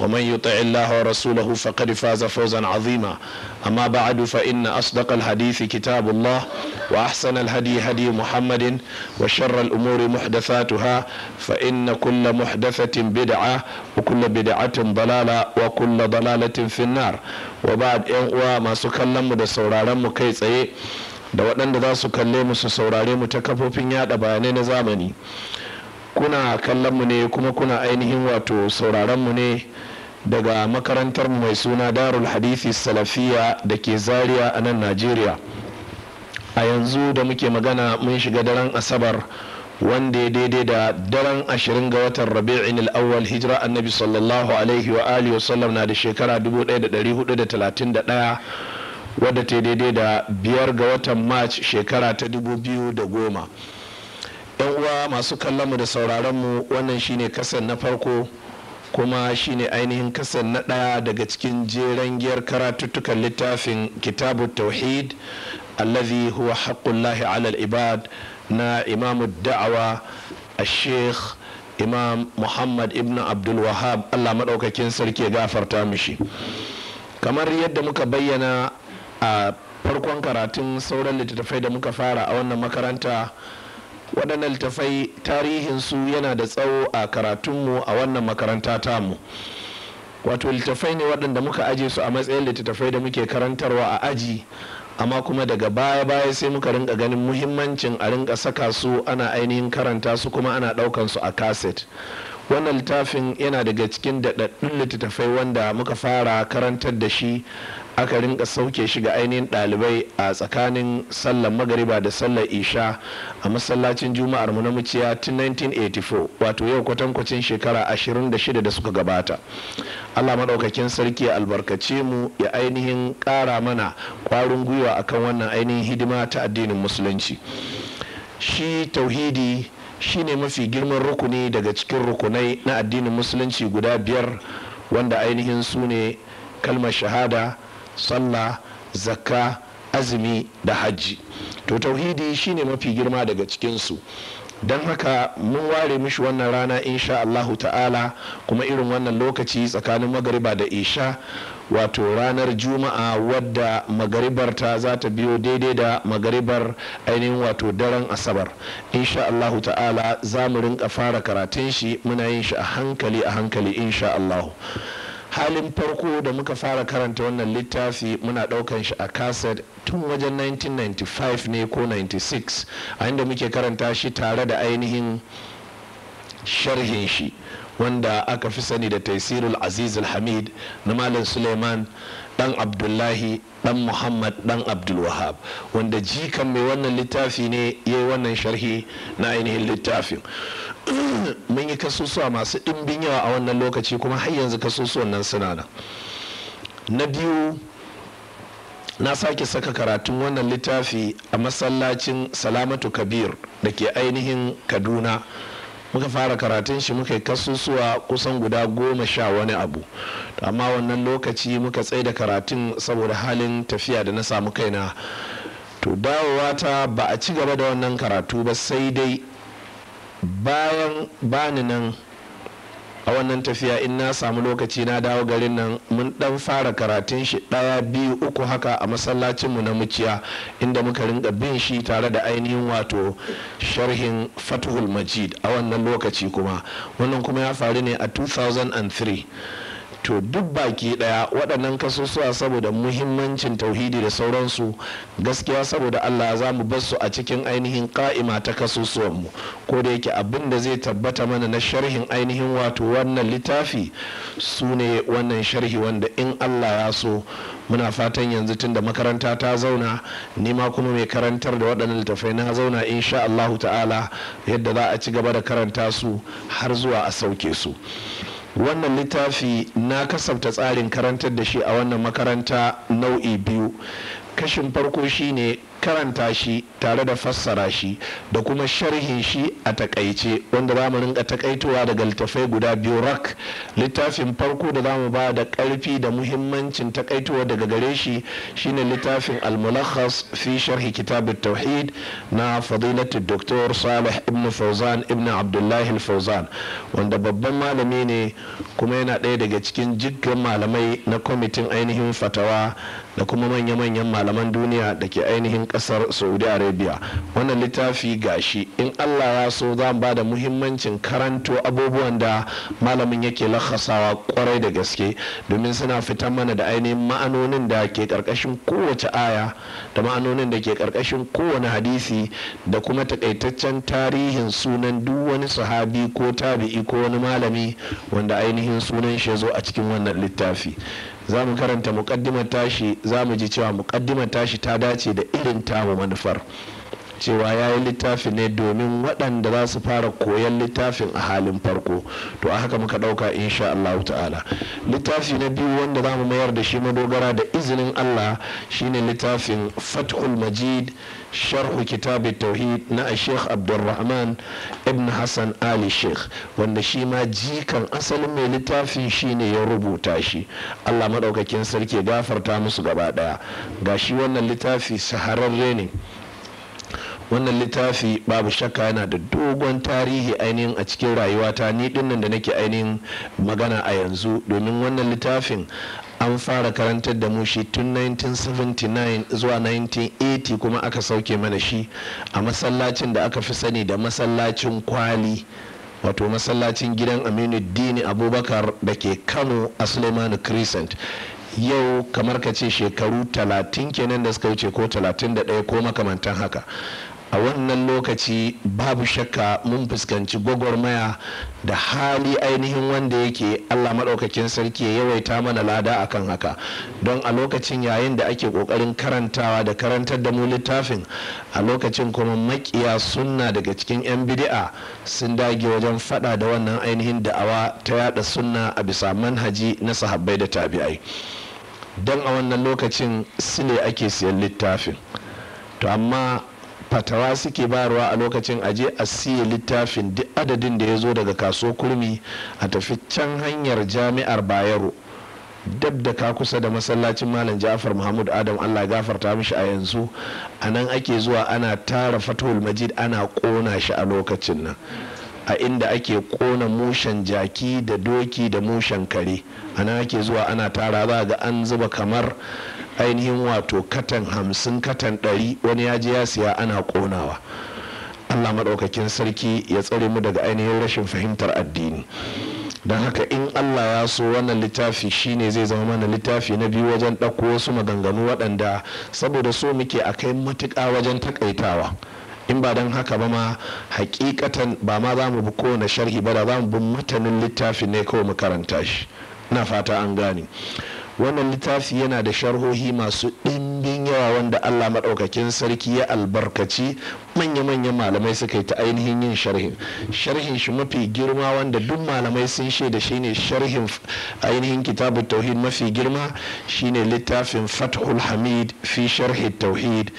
ومن يطع الله ورسوله فقد فاز فوزا عظيما أما بعد فإن أصدق الحديث كتاب الله وأحسن الهدي هدي محمد وشر الأمور محدثاتها فإن كل محدثة بدعة وكل بدعة ضلالة وكل ضلالة في النار وبعد إن ما سكلم da sauraron mu kai tsaye da waɗanda za su kalle mu su saurare mu ta kafofin yada bayanai na zamani kuna kallon mu ne kuma kuna ainihin wato sauraron mu ne daga makarantar mu mai suna darul hadithi salafiya da ke zaria a nan najeriya a yanzu da muke magana mun shiga daren asabar wanda ya daidai da daren ashirin ga watan rabi'in al'awwal hijira annabi sallallahu alaihi wa alihi sallam na da shekara 1431 wadda ta daidai da biyar ga watan march shekara ta da goma. yan uwa masu kallonmu da sauraronmu wannan shine kasan na farko kuma shine ainihin kasan na ɗaya daga cikin jeren giyar karatuttukan littafin kitabu tauhid allazi huwa haqqullahi alal ibad na imamu da'awa a sheikh imam muhammad ibn abdul wahab allah maɗaukakin sarki ya gafarta mishi kamar yadda muka bayyana a farkon karatun sauran littattafai da muka fara a wannan makaranta waɗannan littafai tarihinsu yana da tsawo a karatunmu a wannan makaranta tamu wato littafai ne waɗanda muka aje su a matsayin littattafai da muke karantarwa a aji amma kuma daga baya-baya sai muka rinka ganin muhimmancin a rinka saka su ana ainihin karanta su kuma ana ɗaukan su a kaset wannan littafin yana daga cikin daɗaɗɗun littattafai wanda muka fara karantar da shi aka rinka sauke shi ga ainihin ɗalibai a tsakanin sallar magariba da sallar isha a masallacin juma'ar mu na muciya tun 1984 wato yau kwatankwacin shekara 26 da suka gabata allah maɗaukakin sarki ya albarkace mu ya ainihin ƙara mana ƙwarin gwiwa akan wannan ainihin hidima ta addinin musulunci shi tauhidi shi ne mafi girman rukuni daga cikin rukunai na addinin musulunci guda biyar wanda ainihin su ne kalmar shahada sallah zakka azumi da hajji to tauhidi shine mafi girma daga cikinsu don haka mun ware mishi wannan rana insha Allahu ta'ala kuma irin wannan lokaci tsakanin magariba da isha wato ranar juma'a wadda magaribar ta za ta biyo daidai da magaribar ainihin wato daren asabar insha Allahu ta'ala za mu rinka fara karatun shi muna yin shi a hankali a hankali insha Allahu halin farko da muka fara karanta wannan littafi muna ɗaukan shi a kaset tun wajen 1995 ne ko 96 a inda muke karanta shi tare da ainihin sharhin shi wanda aka fi sani da taisirul aziz hamid na malam suleiman dan abdullahi dan muhammad dan abdulwahab wanda jikan mai wannan littafi ne ya yi wannan sharhi na ainihin littafin mun yi kasusuwa masu ɗimbin yawa a wannan lokaci kuma har yanzu kasusuwan nan suna nan na biyu na sake saka karatun wannan littafi a masallacin salamatu kabir da ke ainihin kaduna muka fara karatun shi muka yi kasusuwa kusan guda goma sha wani abu amma wannan lokaci muka tsaye da karatun saboda halin tafiya da na samu kaina to dawowa ta ba a ci gaba da wannan karatu ba sai dai bayan bani nan a wannan tafiya in na samu lokaci na dawo garin nan mun dan fara karatun shi ɗaya biyu uku haka a masallacinmu na muciya inda muka rinka bin shi tare da ainihin wato sharhin fathul majid a wannan lokaci kuma wannan kuma ya faru ne a 2003 to duk baki daya waɗannan kasusuwa saboda muhimmancin tauhidi da sauransu gaskiya saboda allah za mu basu a cikin ainihin ka'ima ta kasusuwanmu ko da yake abin da zai tabbata mana na sharhin ainihin wato wannan littafi su ne wannan sharhi wanda in allah ya so muna fatan yanzu tun da makaranta ta zauna ni ma kuma mai karantar da waɗannan littafai na zauna insha allahu ta'ala yadda za a ci gaba da karanta su har zuwa a sauke su wannan littafi na kasafta tsarin karantar da shi a wannan makaranta nau'i biyu kashin farko shine karanta shi tare da fassara shi da kuma sharhin shi a takaice wanda za mu rinka takaitowa daga littafai guda biyu rak littafin farko da za mu ba da karfi da muhimmancin takaitowa daga gare shi shine littafin al-mulakhas fi sharhi kitab tauhid na fadilatu dr salih ibn fauzan ibn abdullahi fawzan wanda babban malami ne kuma yana ɗaya daga cikin jiggan malamai na kwamitin ainihin fatawa da kuma manya-manyan malaman duniya da ke ainihin kasar saudi arabia wannan littafi gashi in allah ya so za mu ba da muhimmancin karanto abubuwan da malamin yake lakasawa kwarai da gaske domin suna fitan mana da ainihin ma'anonin da ke karkashin kowace aya da ma'anonin da ke karkashin kowane hadisi da kuma takaitaccen tarihin sunan duk wani sahabi ko tabi'i ko wani malami wanda ainihin sunan shi ya zo a cikin wannan littafi za mu karanta mukaddimar tashi za mu ji cewa mukaddimar tashi ta dace da irin tamu manufar cewa ya yi littafi ne domin waɗanda za su fara koyan littafin a halin farko to a haka muka ɗauka insha Allah ta'ala littafi na biyu wanda za mu mayar da shi madogara da izinin Allah shine littafin fathul majid sharhu kitab tauhid na sheikh abdulrahman ibn hassan ali sheikh wanda shi ma jikan asalin mai littafin shine ya rubuta shi allah maɗaukakin sarki gafarta musu gaba ɗaya ga shi wannan littafi sahararre ne wannan littafi babu shakka yana da dogon tarihi ainihin a cikin rayuwata ni dinnan da nake ainihin magana a yanzu domin wannan littafin an fara karantar da mu shi tun 1979 zuwa 1980 kuma aka sauke mana shi a masallacin da aka fi sani da masallacin kwali wato masallacin gidan aminu dini abubakar da ke kano a suleimanu crescent yau kamar ka ce shekaru 30 kenan da suka wuce ko 31 ko makamantan haka a wannan lokaci babu shakka mun fuskanci gwagwarmaya da hali ainihin wanda yake allah maɗaukakin sarki ya yawaita mana lada a kan haka don a lokacin yayin da ake ƙoƙarin karantawa da karantar da mu littafin a lokacin kuma makiya sunna daga cikin 'yan bidi'a sun dage wajen faɗa da wannan ainihin da'awa ta yada sunna a bisa manhaji na sahabbai da tabi'ai don a wannan lokacin sile ake siyan littafin to amma fatawa suke barwa a lokacin aje a siya littafin duk adadin da ya zo daga kaso kurmi a tafi can hanyar jami'ar bayero dab da ka kusa da masallacin malam ja'far muhammad adam allah gafarta mishi a yanzu a nan ake zuwa ana tara fatahul majid ana kona shi a lokacin nan a inda ake kona mushen jaki da doki da mushen kare a nan ake zuwa ana tara za ga an zuba kamar ainihin wato katan hamsin katan ɗari wani ya je ya siya ana konawa allah maɗaukakin sarki ya tsare mu daga ainihin rashin fahimtar addini don haka in allah ya so wannan littafi shine zai zama mana littafi na biyu wajen ɗauko wasu maganganu waɗanda saboda so muke a kai matuƙa wajen takaitawa in ba don haka ba ma hakikatan ba ma za mu bi kowane sharhi ba da za mu bi matanin littafi ne kawai mu karanta shi na fata an gane wannan littafi yana da sharhohi masu ɗimbin yawa wanda allah maɗaukakin sarki ya albarkaci manya-manyan malamai suka yi ta ainihin yin sharhin sharhin shi mafi girma wanda duk malamai sun shaida shi ne sharhin ainihin kitabu tauhid mafi girma shine littafin fathul hamid fi sharhi tauhid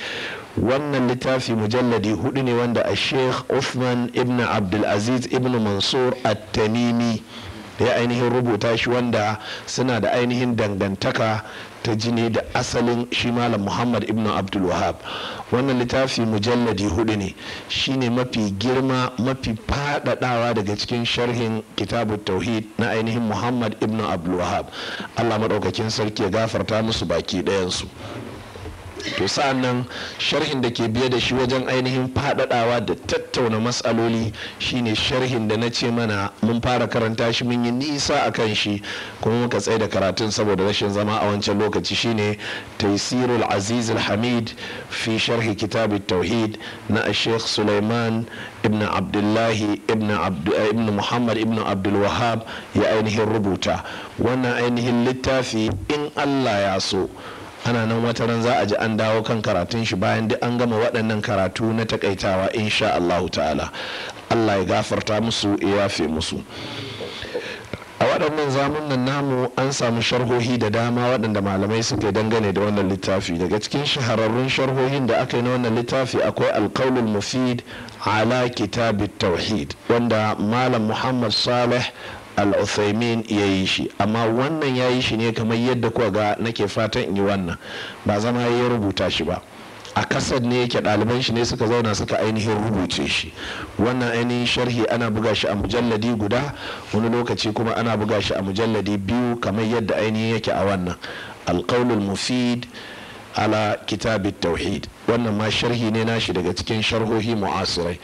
wannan littafi mujalladi hudu ne wanda a sheikh uthman ibn abdulaziz ibn mansur at-tamimi da ya ainihin rubuta shi wanda suna da ainihin dangantaka ta jini da asalin shi malam muhammad ibn abdul wahab wannan littafi mujalladi hudu ne shine mafi girma mafi fadadawa daga cikin sharhin kitabu tauhid na ainihin muhammad ibn abdul wahab allah maɗaukakin sarki ya gafarta musu baki ɗayansu to sa'an nan sharhin da ke biye da shi wajen ainihin faɗaɗawa da tattauna matsaloli shine sharhin da na ce mana mun fara karanta shi mun yi nisa a kan shi kuma muka tsaye da karatun saboda rashin zama a wancan lokaci shine taisirul aziz hamid fi sharhi kitab tauhid na sheikh suleiman ibn abdullahi ibn eh, muhammad ibn abdul wahab ya ainihin rubuta wannan ainihin littafi in allah ya so ana nan wata ran za a ji an dawo kan karatun shi bayan duk an gama waɗannan karatu na takaitawa insha Allahu ta'ala Allah ya gafarta musu ya yafe musu a waɗannan zamunan namu an samu sharhohi da dama waɗanda malamai suke dangane da wannan littafi daga cikin shahararrun sharhohin da aka yi na wannan littafi akwai alkaulul mufid ala kitabit tauhid wanda malam muhammad saleh al ya yi shi amma wannan ya yi shi ne kamar yadda kuwa ga nake fatan in yi wannan ba zama ya rubuta shi ba a kasar ne yake ɗaliban shi ne suka zauna suka ainihin rubuce shi wannan ainihin sharhi ana buga shi a mujalladi guda wani lokaci kuma ana buga shi a mujalladi biyu kamar yadda ainihin yake a wannan alƙaulul mufid ala kitabit tauhid wannan ma sharhi ne nashi daga cikin sharhohi mu'asirai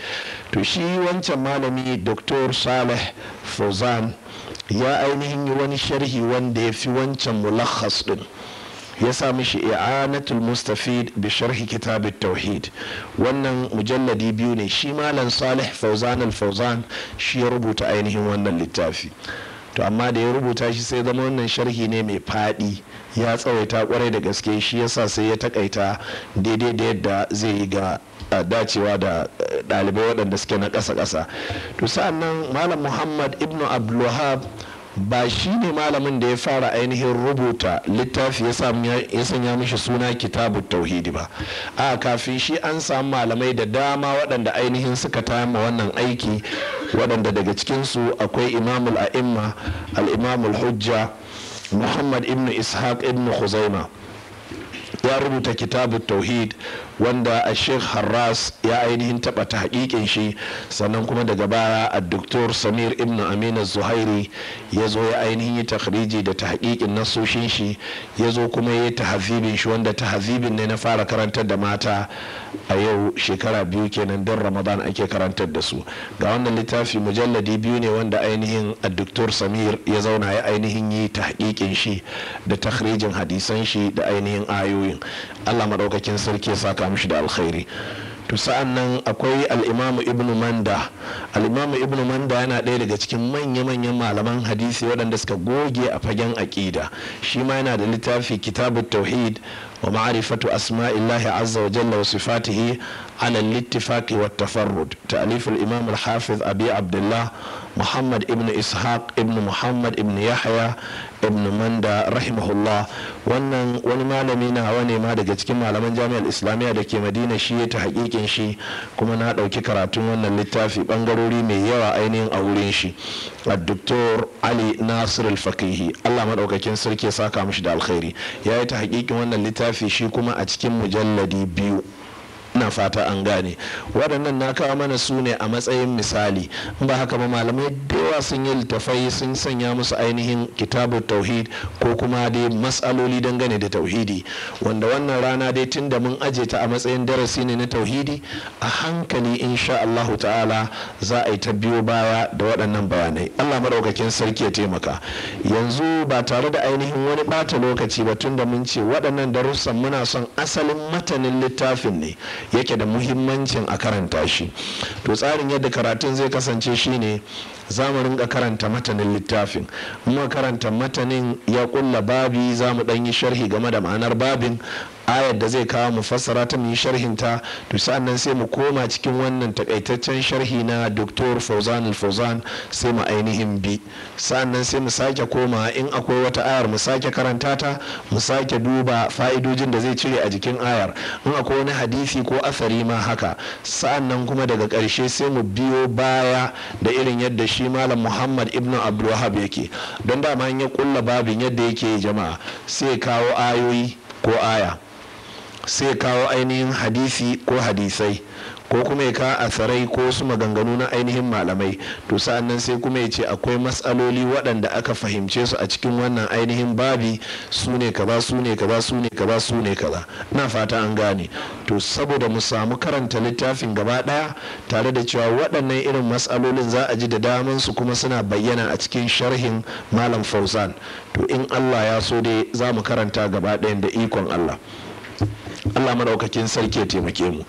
to shi wancan malami dr saleh fozan ya ainihin yi wani sharhi wanda ya fi wancan mulakhas din ya sa shi i'anatul mustafid bi sharhi kitab tauhid wannan mujalladi biyu ne shi malam salih fauzanal al-fauzan shi ya rubuta ainihin wannan littafi to amma da ya rubuta shi sai zama wannan sharhi ne mai faɗi ya tsawaita kwarai da gaske shi yasa sai ya takaita daidai da yadda zai yi ga dacewa da eh, ɗalibai waɗanda suke na ƙasa-ƙasa to sa'an nan malam muhammad ibnu abdulwahab ba shi ne malamin da ya fara ainihin rubuta littafi ya sanya mishi suna kitabu tauhidi ba a kafin shi an samu malamai da dama waɗanda ainihin suka ma wannan aiki waɗanda daga cikinsu akwai imamul a'imma al'imamul hujja muhammad ibn ishaq ibn khuzaima ya rubuta kitabu tauhid wanda a sheikh harras ya ainihin taba ta hakikin shi sannan kuma daga baya a doktor samir ibn amina zuhairi ya zo ya ainihin yi takhriji da ta hakikin nasoshin shi ya zo kuma ya yi tahazibin shi wanda tahazibin ne na fara karantar da mata a yau shekara biyu kenan don ramadan ake karantar da su ga wannan littafi mujalladi biyu ne wanda ainihin a doktor samir ya zauna ya ainihin yi ta hakikin shi da takhrijin hadisan shi da ainihin ayoyin allah maɗaukakin sarki ya saka saka da alkhairi to sa'an nan akwai al'imamu ibnu manda al'imamu ibnu manda yana ɗaya daga cikin manya-manyan malaman hadisi waɗanda suka goge a fagen aƙida shi ma yana da littafi kitabu tauhid wa ma'arifatu asma'illahi azza wa jalla wa sifatihi ala littifaqi wa tafarrud ta al-imam al-hafiz abi abdullah muhammad ibnu ishaq ibnu muhammad ibnu yahya ibn manda rahimahullah wannan wani malami na hawa ne ma daga cikin malaman jami'ar islamiyya da ke madina shi ya ta hakikin shi kuma na ɗauki karatun wannan littafi bangarori mai yawa ainihin a wurin shi a doktor ali nasir al-fakihi allah maɗaukakin sarki ya saka mishi da alkhairi ya yi ta hakikin wannan littafi shi kuma a cikin mujalladi biyu na fata an gane waɗannan na kawo mana su ne a matsayin misali ba haka ba malamai da yawa sun yi littafai sun sanya musu ainihin kitabu tauhid ko kuma dai matsaloli dangane da tauhidi wanda wannan rana dai tun da mun aje ta a matsayin darasi ne na tauhidi a hankali insha Allahu ta'ala za a yi ta biyo baya da waɗannan bayanai Allah maɗaukakin sarki ya taimaka yanzu ba tare da ainihin wani ɓata lokaci ba tun da mun ce waɗannan darussan muna son asalin matanin littafin ne yake da muhimmancin a karanta shi to tsarin yadda karatun zai kasance shine za mu rinka karanta matanin littafin kuma karanta matanin ya kulla babi za mu ɗan yi sharhi game da ma'anar babin ayar da zai kawo mu fassara ta mu yi sharhin ta to sannan sai mu koma cikin wannan takaitaccen sharhi na Dr. Fauzan al-Fauzan sai mu ainihin bi sannan sai mu sake koma in akwai wata ayar mu sake karanta ta mu sake duba fa'idojin da zai cire a jikin ayar in akwai wani hadisi ko asari ma haka sannan kuma daga ƙarshe sai mu biyo baya da irin yadda shi malam Muhammad ibn Abdulwahab yake don dama ya kulla babin yadda yake jama'a sai kawo ayoyi ko aya sai kawo ainihin hadisi ko hadisai ko kuma ya kawo asarai ko su maganganu na ainihin malamai to sannan sai kuma ya ce akwai matsaloli waɗanda aka fahimce su a cikin wannan ainihin babi su ne kaza su ne kaza su ne kaza su ne kaza na fata an gane to saboda mu samu karanta littafin gaba ɗaya tare da cewa waɗannan irin matsalolin za a ji da daman su kuma suna bayyana a cikin sharhin malam fauzan to in allah ya so dai za mu karanta gaba ɗayan da ikon allah allah maɗaukakin sarki ya taimake mu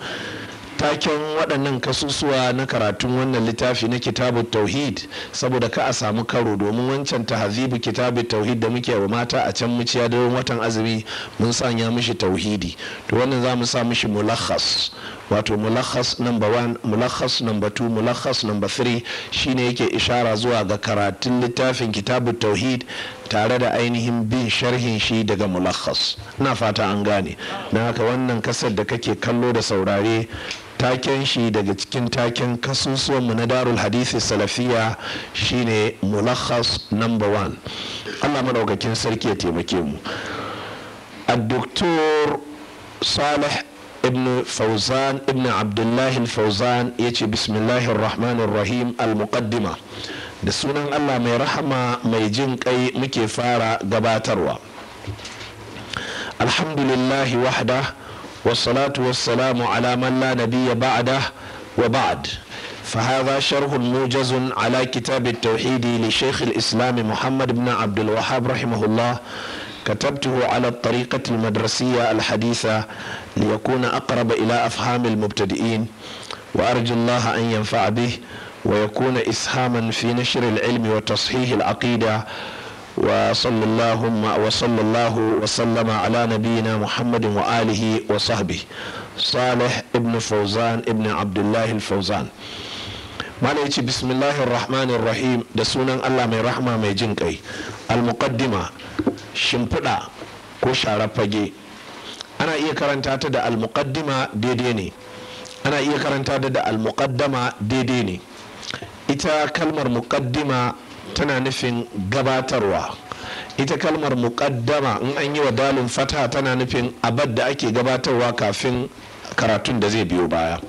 taken waɗannan kasusuwa na karatun wannan littafi na kitabu tauhid saboda ka a samu karo domin wancan ta hazibu kitabu tauhid da muke wa mata a can muciya da watan azumi mun sanya mishi tauhidi to wannan za mu sa mishi mulakhas wato mulakhas number one mulakhas number two mulakhas number three shine yake ishara zuwa ga karatun littafin kitabu tauhid tare da ainihin bin sharhin shi daga mulakhas na fata an gane na haka wannan kasar da kake kallo da saurare taken shi daga cikin taken kasusuwanmu na darul hadisi salafiya shine mulakhas number one allah madaukakin sarki ya taimake mu a doktor صالح ابن فوزان ابن عبد الله الفوزان يجي بسم الله الرحمن الرحيم المقدمة da sunan Allah mai rahama mai jin kai muke fara gabatarwa alhamdulillah wahda wasalatu wassalamu ala man ba'ada wa ba'ad fa hadha sharhun mujazun ala kitab at-tauhid li shaykh al-islam muhammad ibn abd al-wahhab rahimahullah كتبته على الطريقة المدرسية الحديثة ليكون أقرب إلى أفهام المبتدئين وأرجو الله أن ينفع به ويكون إسهاما في نشر العلم وتصحيح العقيدة وصلى اللهم وصلى الله وسلم على نبينا محمد وآله وصحبه صالح ابن فوزان ابن عبد الله الفوزان mala ya ce bismillahir rahmanir rahim da sunan allah mai rahma mai jin kai al-muqaddima shimfiɗa ko sharar fage ana iya karanta ta da almuqaddima daidai ne ana iya karanta ta da almuqaddama daidai ne ita kalmar muqaddima tana nufin gabatarwa ita kalmar muqaddama in an yi wa dalin fata tana nufin abad da ake gabatarwa kafin karatun da zai biyo baya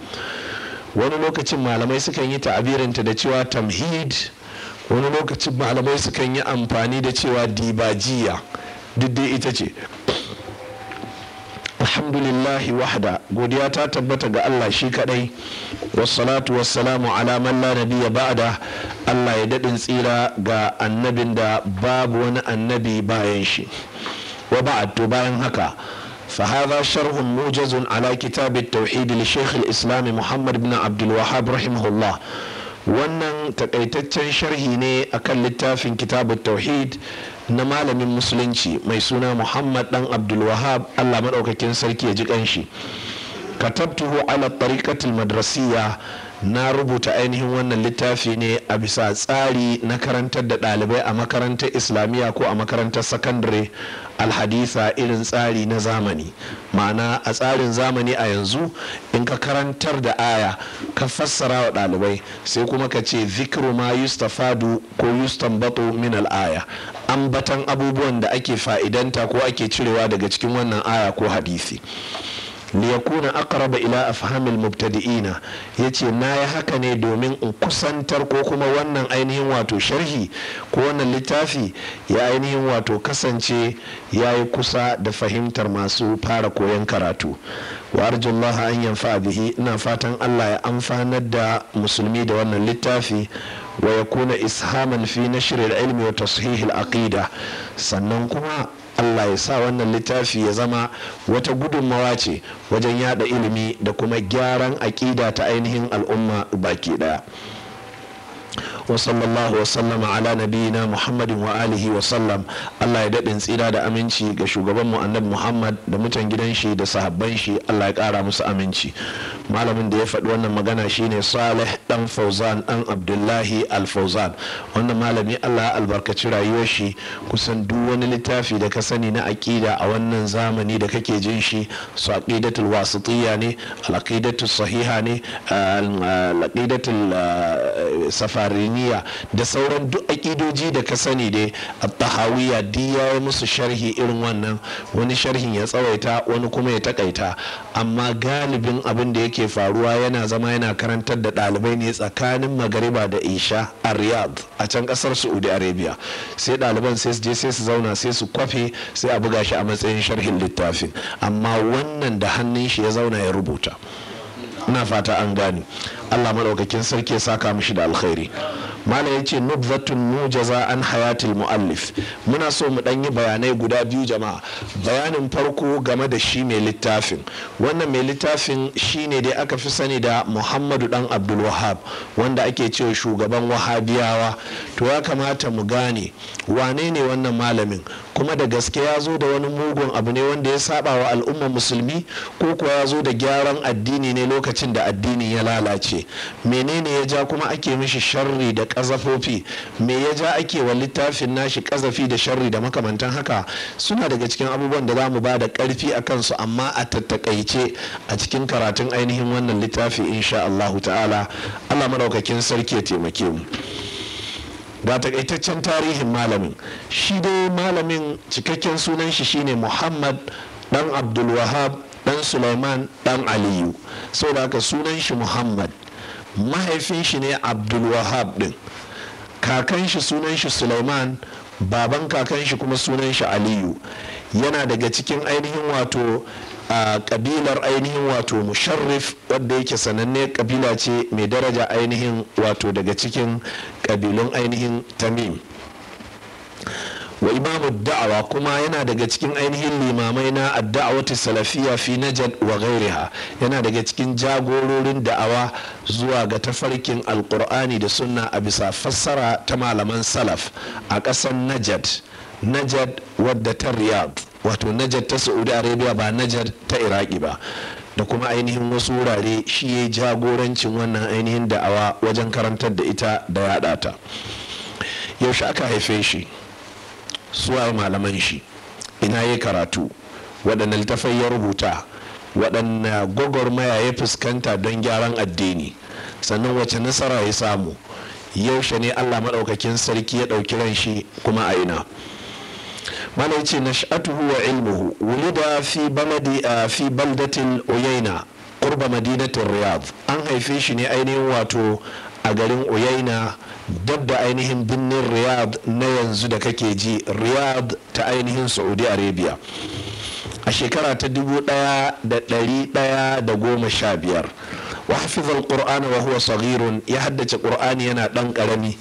wani lokacin malamai sukan yi ta'abirinta da cewa tamhid wani lokacin malamai sukan yi amfani da cewa dibajiya duk dai ita ce alhamdulillahi wahda godiya ta tabbata ga Allah shi kadai wassalatu wassalamu ala man la nabiya ba'da Allah ya daɗin tsira ga annabin da babu wani annabi bayan shi wa ba'd to bayan haka فهذا شرح موجز على كتاب التوحيد لشيخ الإسلام محمد بن عبد الوهاب رحمه الله wannan takaitaccen sharhi ne akan littafin kitabu tauhid na malamin musulunci mai suna muhammad dan abdulwahab allah maɗaukakin sarki ya ji ƙanshi katabtuhu ala tariqatil madrasiyya na rubuta ainihin wannan littafi ne a bisa tsari na karantar da ɗalibai a makarantar islamiyya ko a makarantar sakandare alhadisa irin tsari na zamani ma'ana a tsarin zamani a yanzu in ka karantar da aya ka fassara wa ɗalibai sai kuma ka ce zikiru ma yustafadu ko yustanbatu min al'aya ambatan abubuwan da ake fa'idanta ko ake cirewa daga cikin wannan aya ko hadisi liyakuna aqraba ila afhamil mubtadi'ina yace nayi haka ne domin in kusantar ko kuma wannan ainihin wato sharhi ko wannan littafi ya ainihin wato kasance yayi kusa da fahimtar masu fara koyon karatu wa arjullaha an yanfa bihi ina fatan Allah ya amfanar da musulmi da wannan littafi wa yakuna ishaman fi nashr al-ilmi wa tashih al-aqida sannan kuma Allah ya sa wannan littafi ya zama wata gudunmawa ce wajen yada ilimi da kuma gyaran aƙida ta ainihin al'umma baki ɗaya. barakun sallallahu wasallama ala nabiyina muhammadin wa alihi wa sallam allah ya daɗin tsira da aminci ga shugabanmu annabi muhammad da mutan gidan shi da sahabban shi allah ya ƙara musu aminci malamin da ya faɗi wannan magana shine salih dan fauzan dan abdullahi al wannan malami allah ya albarkaci rayuwar shi kusan duk wani littafi da ka sani na aƙida a wannan zamani da kake jin shi su aqidatul wasitiyya ne al sahiha ne al-aqidatul safarin tahawiyya da sauran duk aƙidoji da ka sani dai a tahawiyya duk ya yi musu sharhi irin wannan wani sharhin ya tsawaita wani kuma ya takaita amma galibin abin da yake faruwa yana zama yana karantar da ɗalibai ne tsakanin magariba da isha a riyadh a can ƙasar saudi arabia sai ɗaliban sai su je sai su zauna sai su kwafe sai a buga shi a matsayin sharhin littafin amma wannan da hannun shi ya zauna ya rubuta ina fata an gane allah maɗaukakin sarki ya saka mishi da alkhairi malam ya ce nubzatun mujaza an hayatil mu'allif muna so mu ɗan yi bayanai guda biyu jama'a bayanin farko game da shi mai littafin wannan mai littafin shi ne dai aka fi sani da muhammadu dan abdul wanda ake cewa shugaban wahabiyawa to ya kamata mu gane wane ne wannan malamin kuma da gaske ya zo da wani mugun abu ne wanda ya saba wa al'ummar musulmi ko kuwa ya zo da gyaran addini ne lokacin da addini ya lalace menene ya ja kuma ake mishi sharri da kazafofi me ya ja ake wa littafin nashi kazafi da sharri da makamantan haka suna daga cikin abubuwan da za mu ba da karfi a kansu amma a tattakaice a cikin karatun ainihin wannan littafi insha Allah ta'ala Allah madaukakin sarki ya taimake mu ga takaitaccen tarihin malamin shi dai malamin cikakken sunan shi shine muhammad dan abdulwahab dan suleiman dan aliyu sau da haka sunan shi muhammad mahaifin shi ne abdulwahab din kakan shi sunan shi suleiman baban kakan shi kuma sunan shi aliyu yana daga cikin ainihin wato a kabilar ainihin wato musharrif wadda yake sananne kabila ce mai daraja ainihin wato daga cikin kabilun ainihin tamim wa imamu da'awa kuma yana daga cikin ainihin limamai na adda'awati salafiya fi najad wa gairiha yana daga cikin jagororin da'awa zuwa ga tafarkin alkur'ani da sunna a bisa fassara ta malaman salaf a ƙasar najad najad wadda ta riyadh wato najar ta saudi arabia ba najar ta iraki ba da kuma ainihin wasu wurare shi ya jagorancin wannan ainihin da'awa wajen karantar da ita da yada ta yaushe aka haife shi suwa malaman shi ina ya karatu waɗanda littafai ya rubuta waɗanne gwagwarmaya ya fuskanta don gyaran addini sannan wace nasara ya samu yaushe ne allah maɗaukakin sarki ya ɗauki ran shi kuma a ina mana ce nash'atuhu wa ilmuhu wulida fi baladi ah, fi baldatin uyaina qurba madinatin riyadh an haife shi ne ainihin wato a garin uyaina dab da ainihin birnin riyadh na yanzu da kake ji riyadh ta ainihin saudi arabia a shekara ta dubu daya da dari daya da goma sha biyar wa hafiz al-qur'an wa huwa saghirun ya haddace qur'ani yana ɗan ƙarami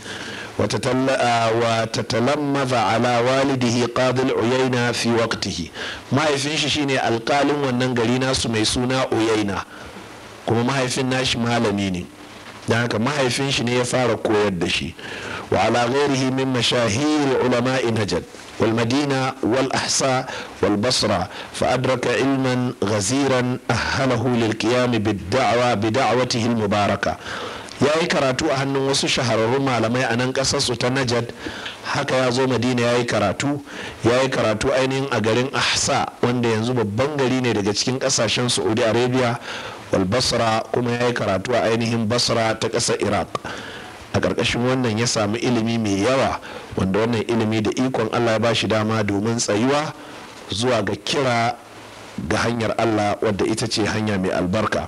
watatalammaza ala walidihi qadil uyaina fi waqtihi mahaifin shi shine alkalin wannan gari nasu mai suna uyaina kuma mahaifin nashi malami ne don haka mahaifin shi ne ya fara koyar da shi wa ala ghairihi min mashahiri ulama'i najad والمدينة والأحساء والبصرة فأدرك علما غزيرا أهله للقيام بالدعوة بدعوته المباركة ya yi karatu a hannun wasu shahararrun malamai a nan su ta najad haka ya zo madina ya yi karatu ya yi karatu ainihin a garin ahsa wanda yanzu babban gari ne daga cikin ƙasashen saudi arabia wal kuma ya yi karatu a ainihin basra ta ƙasar iraq a ƙarƙashin wannan ya samu ilimi mai yawa wanda wannan ilimi da ikon allah ya bashi dama domin tsayuwa zuwa ga kira ga hanyar allah wadda ita ce hanya mai albarka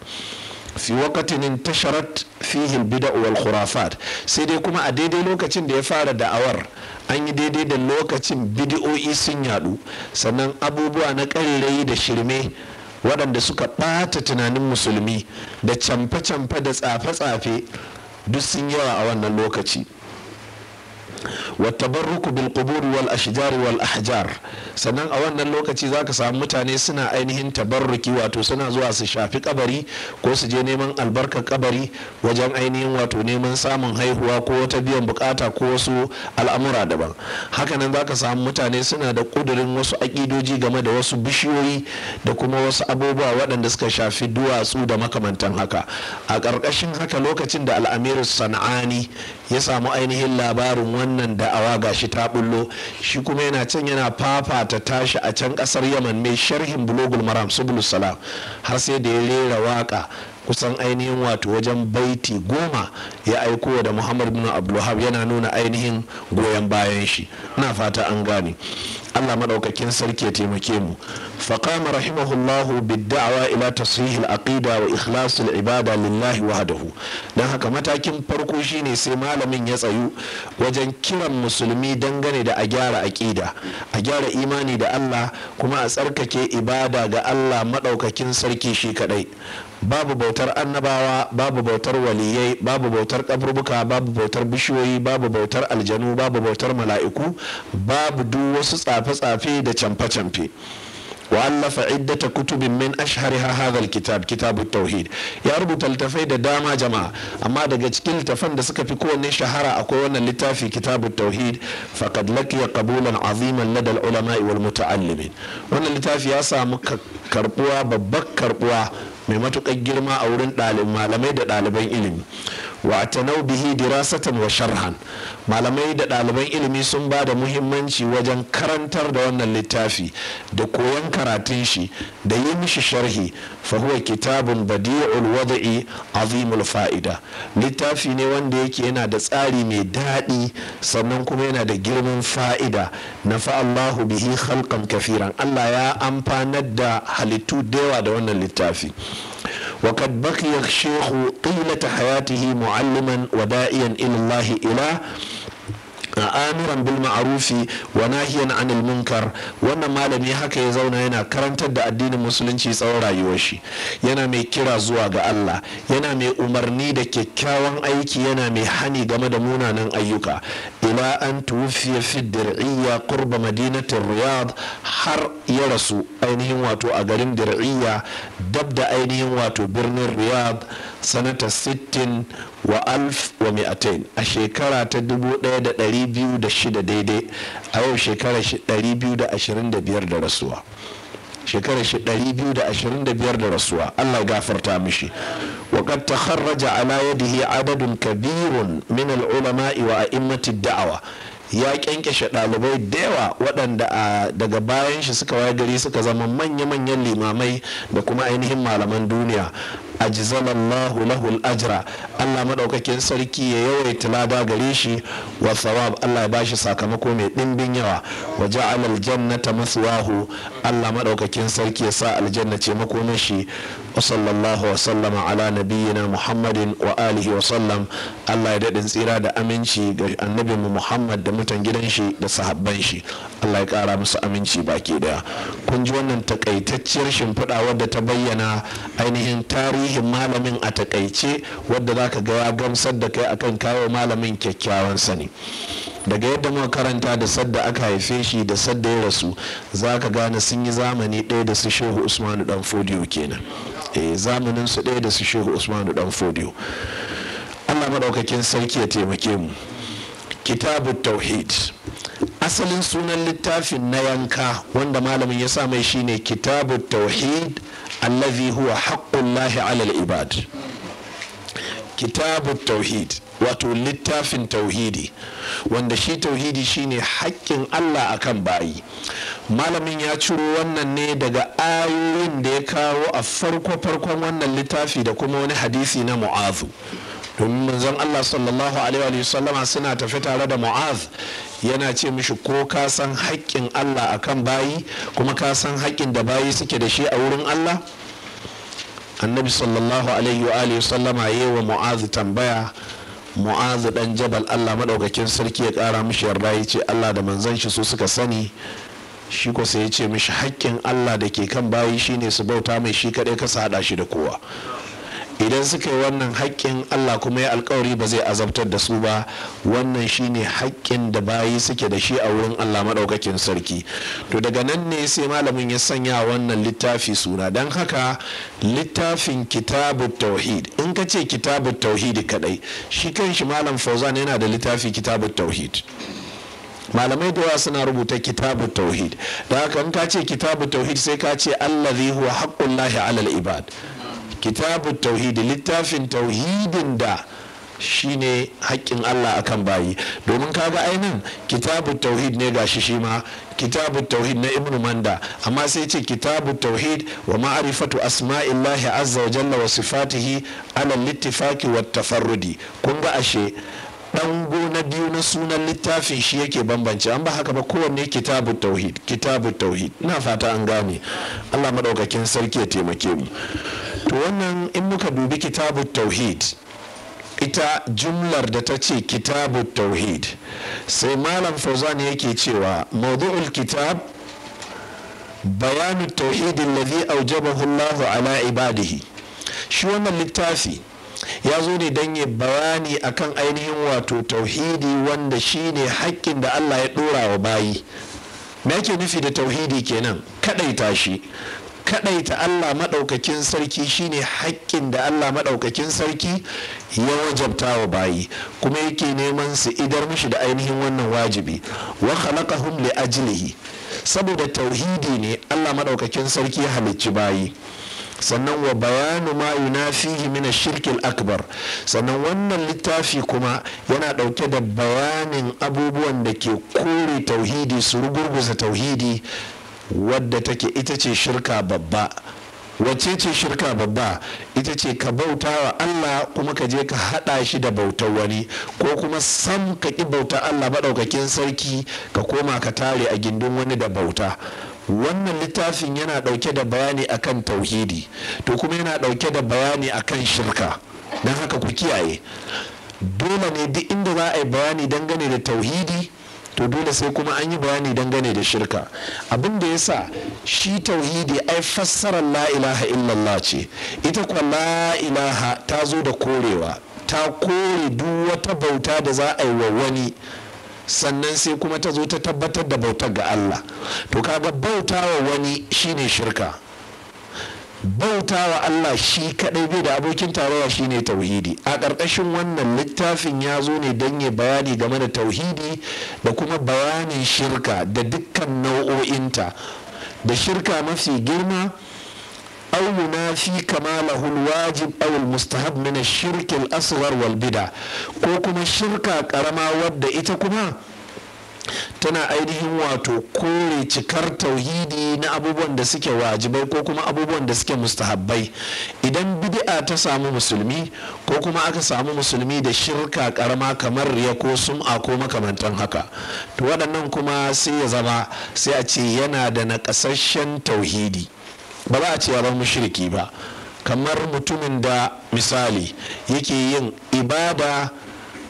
fi wakatinin tasharat fihi bida wal khurafat sai dai kuma a daidai lokacin da ya fara da'awar an yi daidai da lokacin bidi'o'i sun yadu sannan abubuwa na karirai da shirme waɗanda suka ɓata tunanin musulmi da camfe-camfe da tsafe-tsafe duk sun yawa a wannan lokaci watabarruku bil qubur wal ashjar wal ahjar sannan a wannan lokaci zaka samu mutane suna ainihin tabarruki wato suna zuwa su shafi kabari ko su je neman albarkar kabari wajen ainihin wato neman samun haihuwa ko wata biyan bukata ko wasu al'amura daban hakanan zaka samu mutane suna da kudurin wasu akidoji game da wasu bishiyoyi da kuma wasu abubuwa waɗanda suka shafi duwatsu da makamantan haka a ƙarƙashin haka lokacin da al'amiru sana'ani ya samu ainihin labarin wani wannan da'awa shi ta bullo shi kuma yana can yana fafata tashi a can kasar yaman mai sharhin bulogul maram subul salam har sai da ya rera waka kusan ainihin wato wajen baiti goma ya aiko da muhammad bin abdulhab yana nuna ainihin goyon bayan shi ina fata an gane allah maɗaukakin sarki ya taimake mu فقام رحمه الله بالدعوة إلى تصحيح العقيدة وإخلاص العبادة لله وحده نها كما تاكين فرقو شيني سيمال من يسأيو وجن كلا مسلمي دنغني دا أجار أكيدة أجار إيماني دا الله كما أسألك كي إبادة دا الله مدوك كن سركي شيكا babu bautar annabawa babu bautar waliyai babu bautar kaburbuka babu bautar bishiyoyi babu bautar aljanu babu bautar mala'iku babu duk wasu tsafe-tsafe da camfe-camfe وألف عدة كتب من أشهرها هذا الكتاب كتاب التوحيد يا رب تلتفي دا داما جماعة أما دا جتكيل تفن دا سكا بيكون شهرة أكون لتافي كتاب التوحيد فقد لقي قبولا عظيما لدى العلماء والمتعلمين وانا لتافي يا ياسا كربوا ببك كربوا mai matuƙar girma a wurin malamai da ɗaliban ilimi wa ta bihi dirasatan wa sharhan malamai da ɗaliban ilimi sun ba da muhimmanci wajen karantar da wannan littafi da koyon karatun shi da yi mishi sharhi fa huwa kitabun badi'ul wada'i azimul fa'ida littafi ne wanda yake yana da tsari mai daɗi sannan kuma yana da girman fa'ida na fa'allahu bihi halkan kafiran Allah ya amfanar da halittu da yawa da wannan littafi وقد بقي الشيخ طيلة حياته معلما ودائيا إلى الله إله amiran bil ma'arufi wa nahiyan anil munkar wannan malami haka ya zauna yana karantar da addinin musulunci tsawon rayuwar shi yana mai kira zuwa ga Allah yana mai umarni da kyakkyawan aiki yana mai hani game da munanan ayyuka ila an tuwfiya fi dir'iyya qurba riyadh har ya rasu ainihin wato a garin dir'iyya dab da ainihin wato birnin riyadh sanata sittin wa alf wa mi'atain a shekara ta 1206 daidai a yau shekara 225 da rasuwa shekara 225 da rasuwa Allah gafarta mishi yadda تخرج على kabirun عدد كبير من a وأئمة da'awa. ya kyankyashe ɗalibai da yawa waɗanda daga bayan shi suka waye gari suka zama manya-manyan limamai da kuma ainihin malaman duniya ajzama Allahu lahul ajra Allah maɗaukakin sarki ya yawaita lada gare shi wa sawab Allah ya bashi sakamako mai ɗimbin yawa wa ja'ala aljannata masuwahu Allah maɗaukakin sarki ya sa aljanna ce makomin shi wasallallahu wa sallam ala nabiyina muhammadin wa alihi wa sallam Allah ya daɗin tsira da aminci ga annabi muhammad da mutan gidan shi da sahabban shi Allah ya kara musu aminci baki ɗaya kun ji wannan takaitacciyar shimfiɗa wadda ta bayyana ainihin tarihin malamin a takaice wadda za ka gaya gamsar da kai akan kawo malamin kyakkyawan sani daga yadda muka karanta da sadda aka haife shi da sadda ya rasu za ka gane sun yi zamani ɗaya da su shehu usmanu dan fodiyo kenan eh zamanin su ɗaya da su shehu usmanu dan fodiyo allah maɗaukakin sarki ya taimake mu kitabu tauhid asalin sunan littafin na yanka wanda malamin ya sa mai shine kitabu tauhid allazi huwa haqqullahi alal ibad kitabu tauhid wato littafin tauhidi wanda shi tauhidi shine haƙƙin Allah akan bayi malamin ya ciro wannan ne daga ayoyin da ya kawo a farko-farkon wannan littafi da kuma wani hadisi na mu'azu domin manzon Allah sallallahu alaihi wa sallama suna tafi tare da mu'az yana ce mishi ko ka san haƙƙin Allah akan bayi kuma ka san haƙƙin da bayi suke da shi a wurin Allah annabi sallallahu alaihi wa sallama yi wa mu'az tambaya mu'azu dan jabal allah maɗaukakin sarki ya kara mishi yarda ya ce allah da manzan shi su suka sani shi ko sai ya ce mishi haƙƙin allah da ke kan bayi shine su bauta mai shi kaɗai kasa haɗa shi da kowa idan suka yi wannan haƙƙin allah kuma ya alkawari ba zai azabtar da su ba wannan shine haƙƙin da bayi suke da shi a wurin allah maɗaukakin sarki to daga nan ne sai malamin ya sanya wannan littafi suna don haka littafin kitabu tauhid in ka ce kitabu tauhid kadai shi kan shi malam fauzan yana da littafi kitabu tauhid malamai da yawa suna rubuta kitabu tauhid da haka in ka ce kitabu tauhid sai ka ce allazi huwa haqqullahi alal ibad kitabu tauhidi littafin tauhidin da ne haƙƙin Allah akan bayi domin kaga ainihin kitabu tauhid ne ga shi ma kitabu tauhid na ibnu manda amma sai ce kitabu tauhid wa ma'arifatu asma'illahi azza wa jalla wa sifatihi ala littifaki wa tafarrudi kun ga ashe dan gona biyu na sunan littafin shi yake bambance an ba haka ba kowanne kitabu tauhid kitabu tauhid na fata an gane Allah madaukakin sarki ya taimake mu to wannan in muka dubi kitabu tauhid ita jumlar da ta ce kitabu tauhid sai malam fauzan yake cewa mawdu'ul kitab bayanu tauhid alladhi aujabahu Allahu ala ibadihi shi wannan littafi ya zo ne don yi bayani akan ainihin wato tauhidi wanda shi ne haƙƙin da Allah ya ɗora wa bayi me yake nufi da tauhidi kenan kaɗaita shi ta Allah maɗaukakin sarki shine haƙƙin da Allah maɗaukakin sarki ya wajabta wa bayi kuma yake neman su idar mushi da ainihin wannan wajibi wa khalaqahum li ajlihi saboda tauhidi ne Allah maɗaukakin sarki ya halicci bayi sannan wa bayanu ma yunafihi min shirkil akbar sannan wannan littafi kuma yana ɗauke da bayanin abubuwan da ke kore tauhidi su rugurguza tauhidi wadda take ita ce shirka babba wacce ce shirka babba ita ce ka bauta wa Allah kuma ka je ka hada shi da bautar wani ko kuma sam ka ki bauta Allah maɗaukakin sarki ka koma ka tare a gindin wani da bauta wannan littafin yana ɗauke da bayani akan tauhidi to kuma yana ɗauke da bayani akan shirka don haka ku kiyaye dole ne duk inda za a yi bayani dangane da tauhidi to dole sai kuma an yi bayani dangane da shirka abin da yasa shi tauhidi ai fassarar la ilaha illallah ce ita kuma la ilaha ta zo da korewa ta kore duk wata bauta da za a yi wa wani sannan sai kuma ta zo ta tabbatar da bautar ga Allah to kaga bautawa wani shine shirka bautawa Allah shi kadai bai da abokin tarayya shine tauhidi a ƙarƙashin wannan littafin ya zo ne don ya bayani game da tauhidi da kuma bayanin shirka da dukkan nau'o'inta da shirka mafi girma أو ينافي كماله الواجب أو المستحب من walbida, ko kuma shirka karama wadda ita kuma. tana ainihin wato kore cikar tauhidi na abubuwan da suke wajibai ko kuma abubuwan da suke mustahabbai idan bid'a ta samu musulmi ko kuma aka samu musulmi da shirka karama kamar riya ko sum'a ko makamantan haka to waɗannan kuma sai ya zama sai a ce yana da naƙasasshen tauhidi ba za a ce ya mushriki ba kamar mutumin da misali yake yin ibada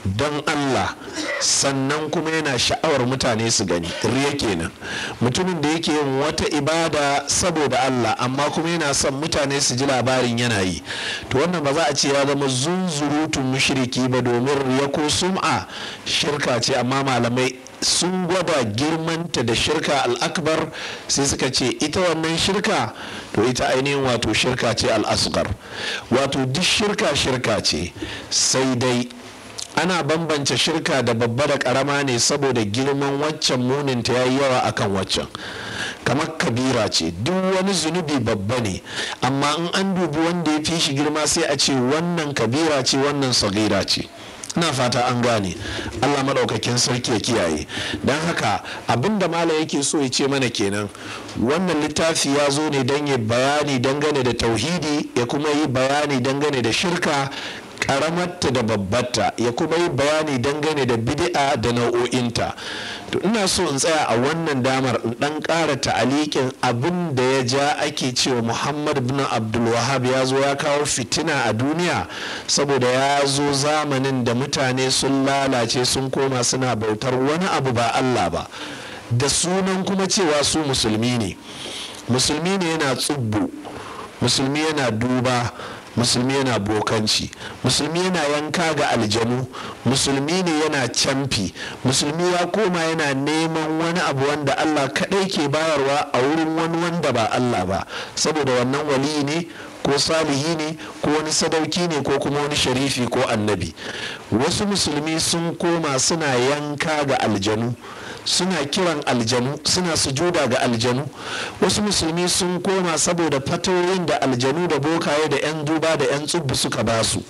don allah sannan kuma yana sha'awar mutane su gani riya kenan mutumin da yake yin wata ibada saboda Allah amma kuma yana son mutane su ji labarin yana yi to wannan ba za a ce ya zama zunzurutun mushriki ba domin riya ko sum'a shirka ce amma malamai sun gwada girmanta da shirka al'akbar sai suka ce ita wannan shirka to ita ainihin wato shirka ce al'asgar wato duk shirka shirka ce sai dai ana bambance shirka da babba da karama ne saboda girman waccan munin ta yayi yawa akan waccan kamar kabira ce duk wani zunubi babba ne amma in an dubi wanda ya fi shi girma sai a ce wannan kabira ce wannan sagira ce na fata an gane allah maɗaukakin sarki ya kiyaye don haka abinda mala yake so ya ce mana kenan wannan littafi ya zo ne don ya bayani dangane da tauhidi ya kuma yi bayani dangane da shirka karamarta da babbarta ya kuma yi bayani dangane da bid'a da nau'o'inta to ina so in tsaya a wannan damar in dan kara ta'alikin abin da ya ja ake cewa muhammad bin abdulwahab ya zo ya kawo fitina a duniya saboda ya zo zamanin da mutane sun lalace sun koma suna bautar wani abu ba allah ba da sunan kuma cewa su musulmi ne musulmi ne yana tsubbu musulmi yana duba musulmi yana bokanci musulmi yana yanka ga aljanu musulmi ne yana camfi musulmi ya koma yana neman wani abu wanda allah kaɗai ke bayarwa a wurin wani wanda ba allah ba saboda wannan waliyi ne ko salihi ne ko wani sadauki ne ko kuma wani sharifi ko annabi wasu musulmi sun koma suna yanka ga aljanu suna kiran aljanu suna sujuda ga aljanu wasu musulmi sun koma saboda fatoyin da aljanu da bokaye da 'yan duba da 'yan tsubbu suka ba su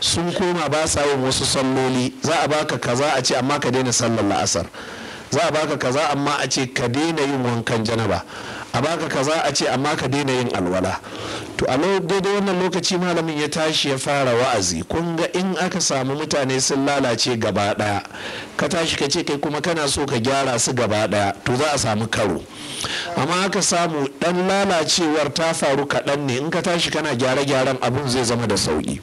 sun koma ba sa yin wasu salloli za a baka kaza a ce amma ka daina sallar la'asar za a baka kaza amma a ce ka daina yin wankan janaba a baka kaza a ce amma ka daina yin alwala to a lokacin wannan lokaci malamin ya tashi ya fara wa'azi kun ga in aka samu mutane sun lalace gaba daya ka tashi ka ce kai kuma kana so ka gyara su gaba daya to za a samu karo amma aka samu dan lalacewar ta faru kaɗan ne in ka tashi kana gyare gyaran abun zai zama da sauki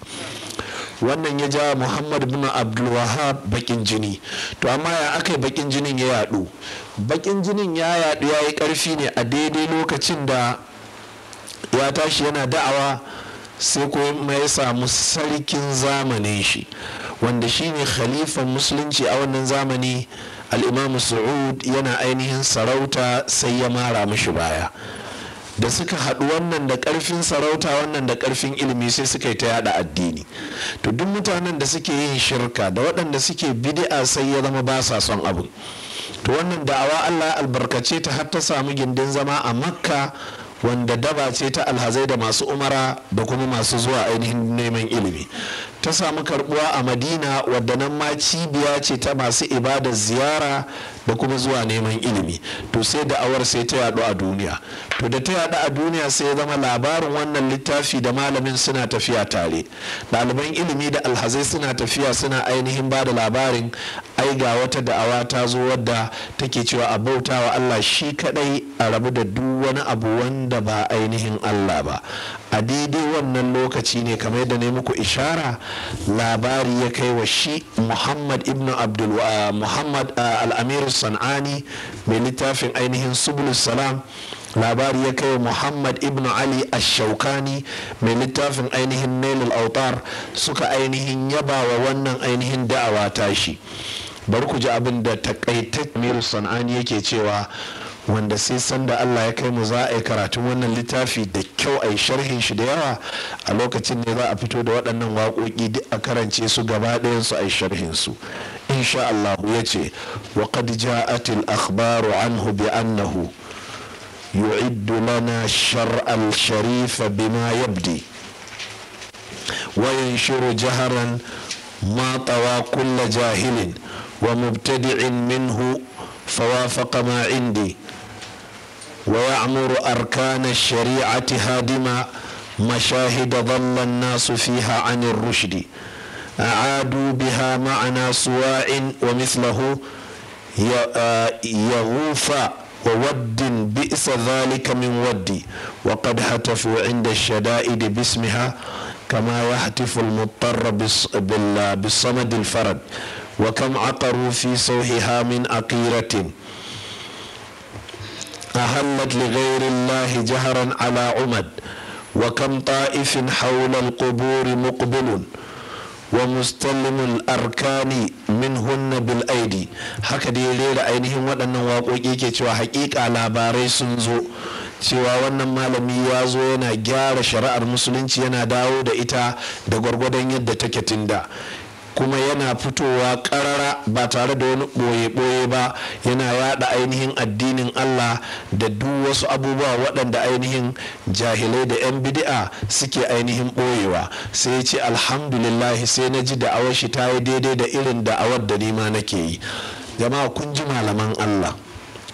wannan ya ja muhammad bin abdulwahab bakin jini to amma ya aka bakin jinin ya yadu bakin jinin ya yadu ya yi karfi ne a daidai lokacin da ya tashi yana da'awa sai ko ya samu sarkin zamanin shi wanda shine khalifan musulunci a wannan zamani al'imamu su'ud yana ainihin sarauta sai ya mara mishi baya da suka haɗu wannan da ƙarfin sarauta wannan da ƙarfin ilimi sai suka yi ta yada addini to duk mutanen da suke yin shirka da waɗanda suke bid'a sai ya zama ba sa son abu to wannan da'awa Allah albarkace ta har ta samu gindin zama a makka wanda daba ce ta alhazai da masu umara da kuma masu zuwa ainihin neman ilimi ta samu karbuwa a madina wadda nan ma cibiya ce ta masu ibadar ziyara da kuma zuwa neman ilimi to sai da'awar sai ta yadu a duniya to da ta yadu a duniya sai ya zama labarin wannan littafi da malamin suna tafiya tare ɗaliban ilimi da alhazai suna tafiya suna ainihin ba da labarin ai ga wata da'awa ta zo wadda take cewa a bauta wa allah shi kadai a rabu da duk wani abu wanda ba ainihin allah ba a daidai wannan lokaci ne kamar yadda ne muku ishara labari ya kai wa shi muhammad ibn abdul ah, muhammad ah, al-amir san'ani mai littafin ainihin subul salam labari ya kai muhammad ibn ali ashaukani mai littafin ainihin nailul autar suka ainihin yaba wa wannan ainihin da'awa tashi bari ku ji abin da amir san'ani yake cewa wanda sai sanda Allah ya kai mu za a yi karatun wannan littafi da kyau a yi sharhin shi da yawa a lokacin ne za a fito da waɗannan waƙoƙi duk a karance su gaba ɗayan su a yi sharhin su insha Allah ya ce wa qad ja'at akhbaru anhu bi annahu yu'iddu lana shar'al sharifa bima yabdi wa yanshuru jaharan tawa طوى jahilin wa mubtadi'in minhu فوافق ما عندي ويعمر أركان الشريعة هادما مشاهد ظل الناس فيها عن الرشد أعادوا بها معنى صواع ومثله آه، يغوف وود بئس ذلك من ودي وقد هتفوا عند الشدائد باسمها كما يهتف المضطر بالصمد الفرد وكم عقروا في صوحها من أقيرة a أهلت لغير الله جهرا على عمد وكم طائف حول القبور مقبل bil الأركان haka بالأيدي هكذا ainihin waɗannan waƙoƙi ke cewa haƙiƙa labarai sun zo cewa wannan malami ya zo yana gyara shari'ar musulunci yana dawo da ita da gwargwadon yadda take tinda kuma yana fitowa karara ba tare da wani ɓoye-ɓoye ba yana yada ainihin addinin Allah da duk wasu abubuwa waɗanda ainihin jahilai da 'yan bidi'a suke ainihin ɓoyewa sai ya ce alhamdulillahi sai na ji da'awar shi ta yi daidai da irin da'awar da nima nake yi jama'a kun ji malaman Allah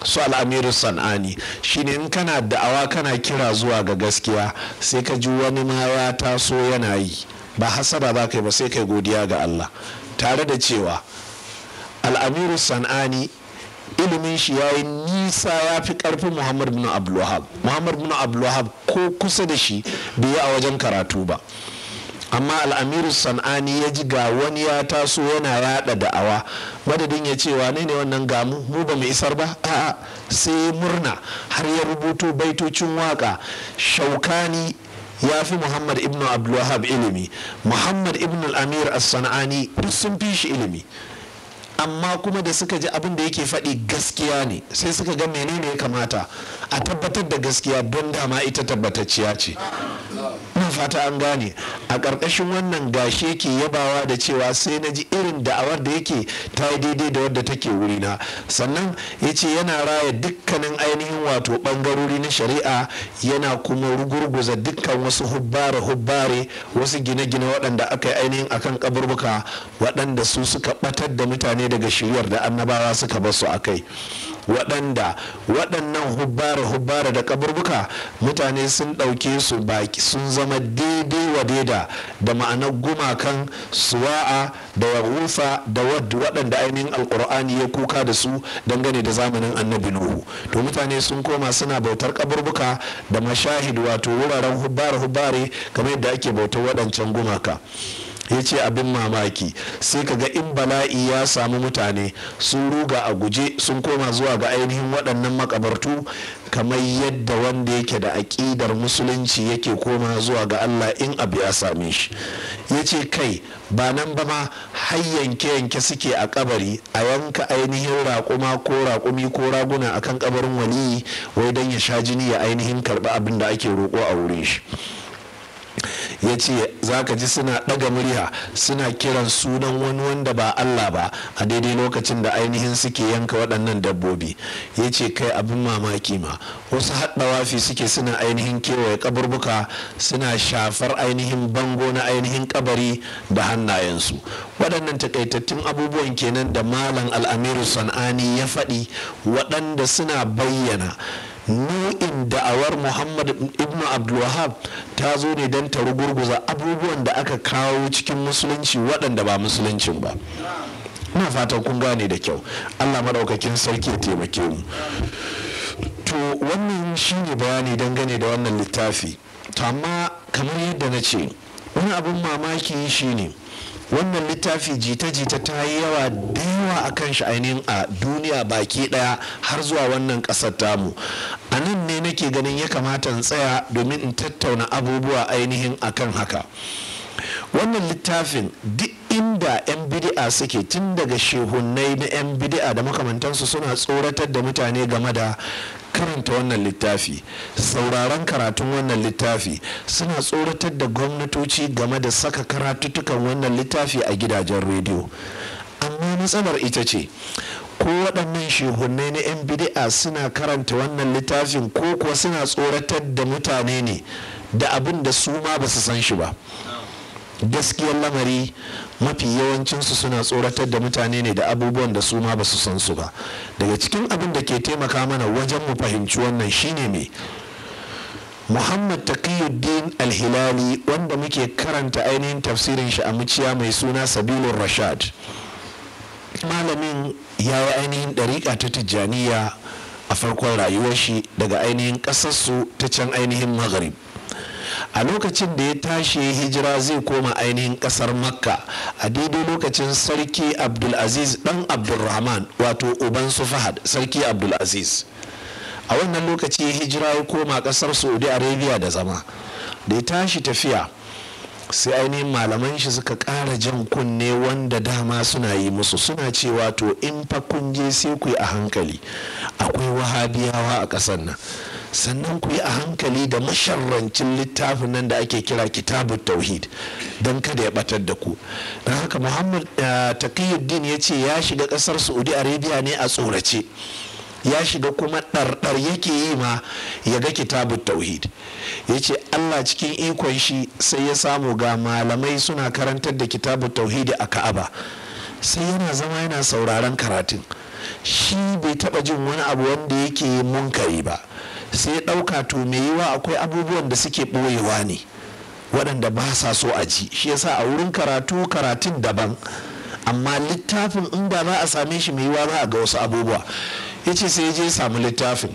su al'amiru san'ani shine in kana da'awa kana kira zuwa ga gaskiya sai ka ji wani ma ya taso yana yi ba hasada ba kai ba sai kai godiya ga Allah tare da cewa al'amiru san'ani ilimin shi ya yi nisa ya fi karfin muhammad bin abdulwahab muhammad bin ko kusa da shi bai yi a wajen karatu ba amma al'amiru san'ani ya ji ga wani ya taso yana yada da'awa madadin ya ce wane ne wannan gamu mu ba mu isar ba a'a sai murna har ya rubuto baitocin waka shaukani ya fi muhammad ibn abdulwahab ilimi muhammad ibn al-amir as-sana'ani duk sun fi shi ilimi amma kuma da suka ji abin da yake faɗi gaskiya ne sai suka ga menene ya kamata a tabbatar da gaskiya don dama ita tabbatacciya ce na fata an gane a ƙarƙashin wannan gashe ke yabawa da cewa sai na ji irin da'awar da yake ta yi daidai da wadda take wurina sannan ya ce yana raya dukkanin ainihin wato ɓangarori na shari'a yana kuma rugurguza dukkan wasu hubbare hubbare wasu gine-gine waɗanda aka yi ainihin akan kaburbuka waɗanda su suka ɓatar da mutane daga shiryar da annabawa suka basu a kai waɗanda waɗannan hubbara hubbara da kaburbuka mutane sun ɗauke su baki sun zama daidai wa daida da ma'anar gumakan suwa'a da warufa da wadda waɗanda ainihin alkur'ani ya kuka da su dangane da zamanin annabi nuhu to mutane sun koma suna bautar kaburbuka da mashahid wato wuraren hubbara hubbare kamar yadda ake bautar waɗancan gumaka ya ce abin mamaki sai ka ga in bala'i ya samu mutane sun ruga a guje sun koma zuwa ga ainihin waɗannan makabartu kamar yadda wanda yake da aƙidar musulunci yake koma zuwa ga allah in abu ya same shi ya ce kai ba nan ba ma har yanke-yanke suke a kabari a yanka ainihin raƙuma ko raƙumi ko raguna akan kabarin waliyi wai don ya sha jini ya ainihin karɓi abin da ake roƙo a wurin shi ya ce za ka ji suna ɗaga murya suna kiran sunan wani wanda ba Allah ba a daidai lokacin da ainihin suke yanka waɗannan dabbobi ya ce kai abin mamaki ma wasu haɗawafi suke suna ainihin kewaye kaburbuka suna shafar ainihin bango na ainihin kabari da hannayensu waɗannan takaitattun abubuwan kenan da malam al'amiru san'ani ya faɗi waɗanda suna bayyana Nu'in da'awar muhammad ibn abdulwahab ta zo ne don ta rugurguza abubuwan da aka kawo cikin musulunci waɗanda ba musuluncin ba ina fatan kun gane da kyau allah maɗaukakin sarki ya taimake mu to wannan ne bayani dangane da wannan littafi to amma kamar yadda na ce wani abin mamaki shi ne wannan littafi jita-jita ta yi yawa da yawa a kan shi ainihin a duniya baki daya har zuwa wannan kasar tamu a nan ne nake ganin ya kamata in tsaya domin in tattauna abubuwa ainihin akan haka wannan littafin duk inda 'yan bidi'a suke tun daga shehunnai na 'yan bidi'a da makamantansu suna tsoratar da mutane game da karanta wannan littafi sauraron karatun wannan littafi suna tsoratar da gwamnatoci game da saka karatutukan wannan littafi a gidajen rediyo amma matsalar ita ce ko waɗannan shehunnai na 'yan bidi'a suna karanta wannan littafin ko kuwa suna tsoratar da mutane ne da abin da su ma ba su san shi ba gaskiyar lamari mafi yawancinsu suna tsoratar da mutane ne da abubuwan da su ma ba su san su ba daga cikin abin da ke taimaka mana wajen mu fahimci wannan shine mai. muhammad taqiyuddin al-hilali wanda muke karanta ainihin tafsirin shi a muciya mai suna sabilun rashad malamin ya yi ainihin ɗariƙa ta tijjaniya a farkon rayuwar shi daga ainihin ƙasarsu ta can ainihin maghrib a lokacin da ya tashi hijira zai koma ainihin kasar makka a daidai lokacin sarki abdulaziz dan abdulrahman wato uban su fahad sarki abdulaziz a wannan lokaci hijira ya koma kasar saudi arabia da zama da ya tashi tafiya sai ainihin malaman shi suka ƙara jan kunne wanda dama suna yi musu suna cewa to in fa kunje sai ku yi a hankali akwai wahabiyawa a ƙasar nan sannan ku yi a hankali da masharrancin littafin nan da ake kira kitabun tauhid don kada ya batar da ku don haka muhammad eh, takiyuddin ya ce ya shiga kasar saudi arabia ne a tsorace ya shiga kuma ɗarɗar yake yi ma ya ga kitabun tauhid ya ce allah cikin ikon shi sai ya samu ga malamai suna karantar da kitabun tauhid a ka'aba sai yana zama yana sauraren karatun shi bai taɓa jin wani abu wanda yake munkari ba sai ɗauka to mai yiwa akwai abubuwan da suke ɓoyewa ne waɗanda ba sa so a ji shi yasa a wurin karatu karatun daban amma littafin in ba za a same shi mai yiwa za a ga wasu abubuwa ya ce sai ya je samu littafin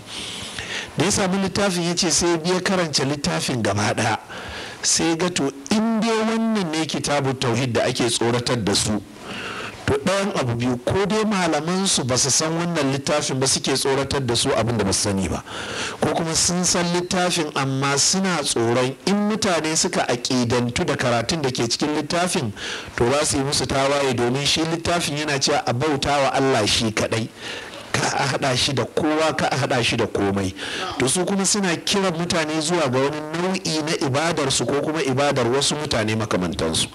da ya samu littafin ya ce sai biya karanta littafin gaba ɗaya sai ga to in dai wannan ne kitabun tauhid da ake tsoratar da su to ɗayan abu biyu ko dai malaman su ba su san wannan littafin ba suke tsoratar da su abin da ba sani ba ko kuma sun san littafin amma suna tsoron in mutane suka aƙidantu da karatun da ke cikin littafin to za su yi musu tawaye domin shi littafin yana cewa a bauta wa Allah shi kaɗai ka a haɗa shi da kowa ka a haɗa shi da komai to su kuma suna kiran mutane zuwa ga wani nau'i na ibadarsu ko kuma ibadar wasu mutane makamantansu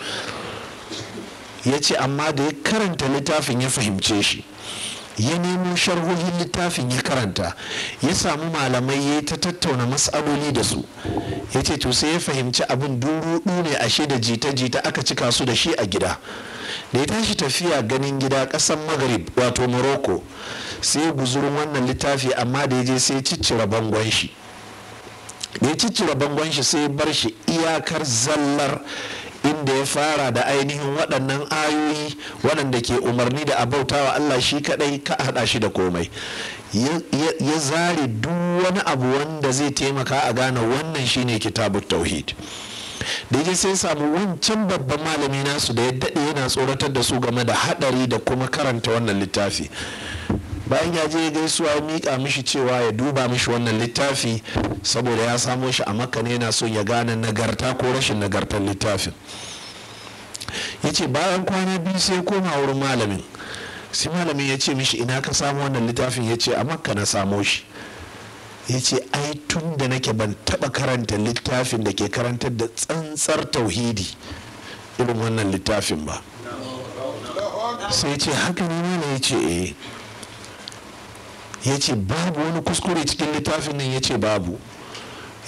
ya ce amma da ya karanta littafin ya fahimce shi ya nemo sharhohin littafin ya karanta ya samu malamai ya ta tattauna matsaloli da su ya ce to sai ya fahimci abin durudu ne ashe da jita-jita aka cika su da shi a gida da ya tashi tafiya ganin gida kasan maghrib wato morocco sai ya guzurin wannan littafi amma da ya je sai ya ciccira bangon shi da ya ciccira bangon shi sai ya bar shi iyakar zallar inda ya fara da ainihin waɗannan ayoyi waɗanda ke umarni da abautawa Allah shi kaɗai ka haɗa shi da komai ya zare duk wani abu wanda zai taimaka a gane wannan shine kitabu tauhid daidai sai samu wancan babban malami nasu da ya daɗe yana tsoratar da su game da haɗari da kuma karanta wannan littafi bayan ya je gaisuwa ya miƙa mishi cewa ya duba mishi wannan littafi saboda ya samo shi a makka ne yana so ya gane nagarta ko rashin nagartar littafin ya ce bayan kwana biyu sai koma wurin malamin sai malamin ya ce mishi ina ka samu wannan littafin ya ce a makka na samo shi ya ce ai tun da nake ban taba karanta littafin da ke karantar da tsantsar tauhidi irin wannan littafin ba sai ce haka ne ne ya ce eh. ya ce babu wani kuskure cikin littafin nan ya ce babu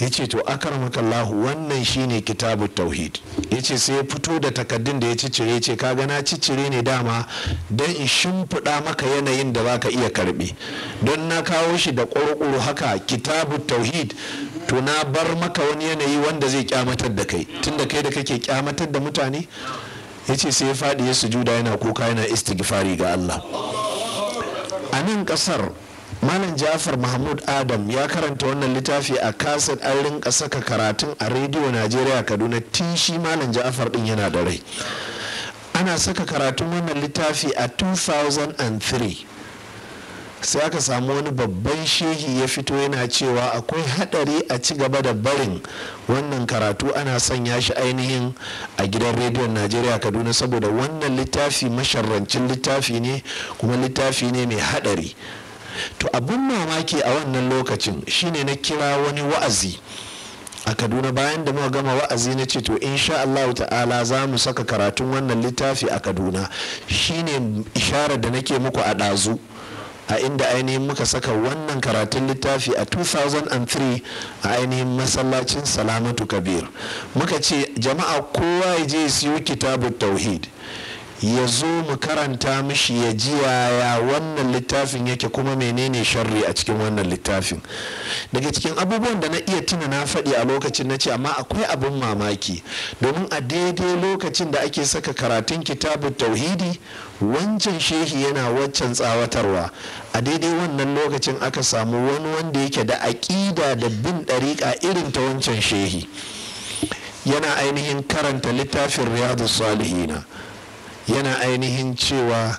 ya ce to akarmakallahu wannan shine kitabu tauhid ya ce sai ya fito da takaddun da ya ciccire ya ce kaga na ciccire ne dama don in shimfiɗa maka yanayin da baka iya karɓi don na kawo shi da ƙwarƙwaro haka kitabu tauhid to na bar maka wani yanayi wanda zai kyamatar da kai tunda kai da kake kyamatar da mutane ya ce sai ya faɗi ya sujuda yana kuka yana istighfari ga Allah a nan ƙasar malam jafar mahmud adam ya karanta wannan littafi a kaset an rinka saka karatun a rediyo najeriya kaduna tun shi malam jafar din yana da rai ana saka karatun wannan littafi a 2003 sai aka samu wani babban shehi ya fito yana cewa akwai hadari a ci gaba da barin wannan karatu ana sanya shi ainihin a gidan rediyon najeriya kaduna saboda wannan littafi masharrancin littafi ne kuma littafi ne mai hadari to abin mamaki a wannan lokacin shine na kira wani wa'azi a kaduna bayan da muka gama wa'azi na ce to insha Allah ta'ala za mu saka karatun wannan littafi a kaduna shine isharar da nake muku a ɗazu a inda ainihin muka saka wannan karatun littafi a 2003 a ainihin masallacin salamatu kabir muka ce jama'a kowa ya je siyo kitabu tauhid ya zo mu karanta mishi ya ji yaya wannan littafin yake kuma menene sharri a cikin wannan littafin daga cikin abubuwan da na iya tuna na faɗi a lokacin na ce amma akwai abin mamaki domin a daidai lokacin da ake saka karatun kitabun tauhidi wancan shehi yana waccan tsawatarwa a daidai wannan lokacin aka samu wani wanda yake da aƙida da bin ɗariƙa irin ta wancan shehi yana ainihin karanta littafin riyadu salihina yana ainihin cewa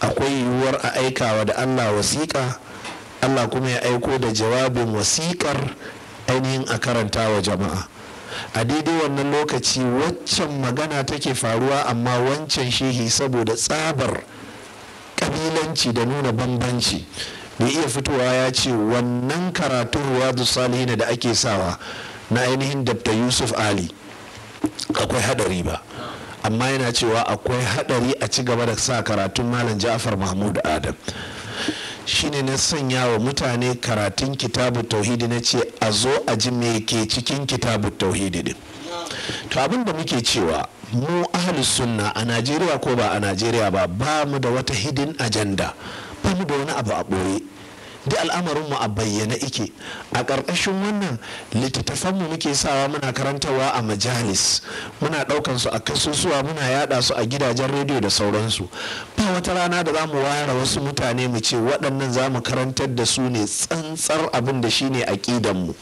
akwai yiwuwar a aikawa da allah wasiƙa allah kuma ya aiko da jawabin wasiƙar ainihin a karanta wa jama'a a daidai wannan lokaci waccan magana take faruwa amma wancan shehi saboda tsabar kabilanci da nuna bambanci da iya fitowa ya ce wannan karatun ruwadu salihina da ake sawa na ainihin dabta yusuf ali akwai hadari ba amma yana cewa akwai haɗari a ci gaba da sa karatun malam ja'far mahmud adam shine na sanya wa mutane karatun kitabu tauhidi na ce a zo a ji me ke cikin kitabu tauhidi din to abin da muke cewa mu ahlus sunna a najeriya ko ba a najeriya ba ba mu da wata hidin ajanda ba mu da wani abu a ɓoye da al'amarin mu a bayyana ike a ƙarƙashin wannan littattafan mu muke sawa muna karantawa a majalis muna ɗaukan su a kasusuwa muna yada su a gidajen rediyo da sauransu ba wata rana da za mu ware wasu mutane mu ce waɗannan za mu karantar da su ne tsantsar abin da ne a mu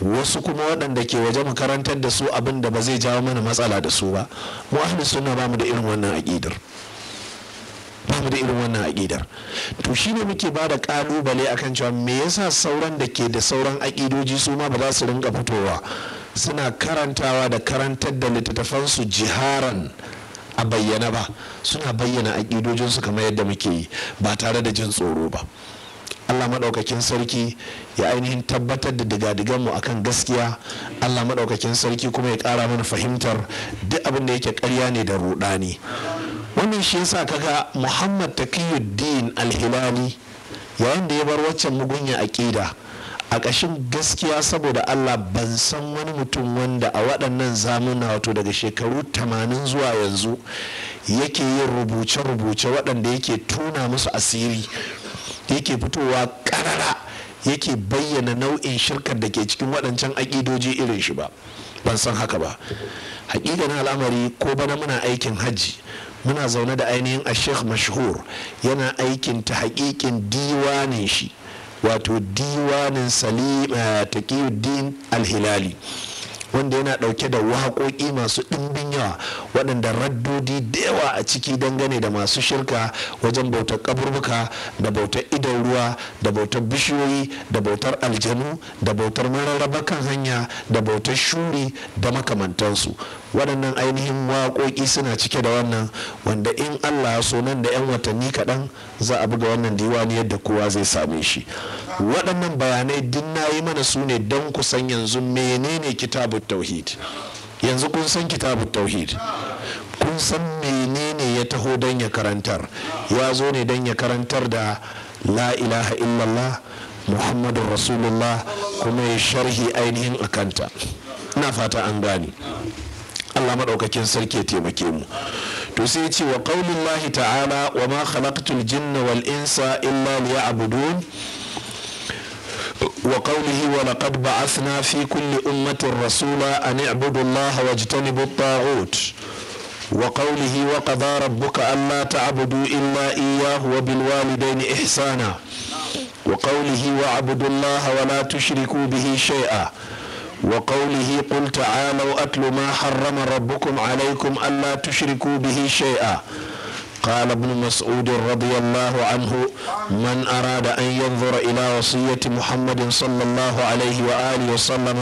wasu kuma waɗanda ke waje mu karantar da su abin da ba zai jawo mana matsala da su ba mu ahli suna ba mu da irin wannan aƙidar bamu da irin wannan aƙidar to shi ne muke ba da ƙalubale kan cewa me yasa sauran da ke da sauran aƙidoji su ma ba za su rinka fitowa suna karantawa da karantar da littattafansu jiharan a bayyana ba suna bayyana aƙidojinsu kamar yadda muke yi ba tare da jin tsoro ba Allah maɗaukakin sarki ya ainihin tabbatar da digadiganmu kan gaskiya Allah maɗaukakin sarki kuma ya ƙara mana fahimtar duk abin da yake ƙarya ne da ruɗani. wannan shi yasa kaga muhammad taqiyuddin al yayin da ya bar waccan mugunya aƙida a ƙashin gaskiya saboda allah ban san wani mutum wanda a waɗannan zamuna wato daga shekaru 80 zuwa yanzu yake yin rubuce-rubuce waɗanda yake tuna musu asiri yake fitowa ƙarara yake bayyana nau'in shirkar da ke cikin waɗancan aƙidoji irin shi ba ban san haka ba na al'amari ko bana muna aikin hajji muna zaune da ainihin a sheikh mashhur yana aikin ta hakikin diwanin shi wato diwanin salim eh, taqiyuddin al-hilali wanda yana dauke da waƙoƙi masu ɗimbin yawa waɗanda raddodi da yawa a ciki dangane da masu shirka wajen bautar kaburbuka da bautar idan ruwa da bautar bishiyoyi da bautar aljanu da bautar mararraba kan hanya da bautar shuri da makamantansu waɗannan ainihin waƙoƙi suna cike da wannan wanda in allah so nan da 'yan watanni kaɗan za a buga wannan diwani yadda kowa zai same shi waɗannan bayanai din na yi mana su ne don san yanzu menene kitabun tauhid yanzu kun san kitabun tauhid kun san menene ya taho don ya karantar ya zo ne don ya karantar da la ilaha illallah muhammadun rasulullah kuma ya sharhi ainihin akanta na fata an gane allah maɗaukakin sarki ya taimake mu to sai ce wa ƙaunin ta'ala wa ma khalaqtul jinna wal insa illa liya'budun وقوله ولقد بعثنا في كل أمة رسولا أن اعبدوا الله واجتنبوا الطاغوت وقوله وقضى ربك ألا تعبدوا إلا إياه وبالوالدين إحسانا وقوله واعبدوا الله ولا تشركوا به شيئا وقوله قل تعالوا أتل ما حرم ربكم عليكم ألا تشركوا به شيئا قال ابن مسعود رضي الله عنه من أراد أن ينظر إلى وصية محمد صلى الله عليه وآله وسلم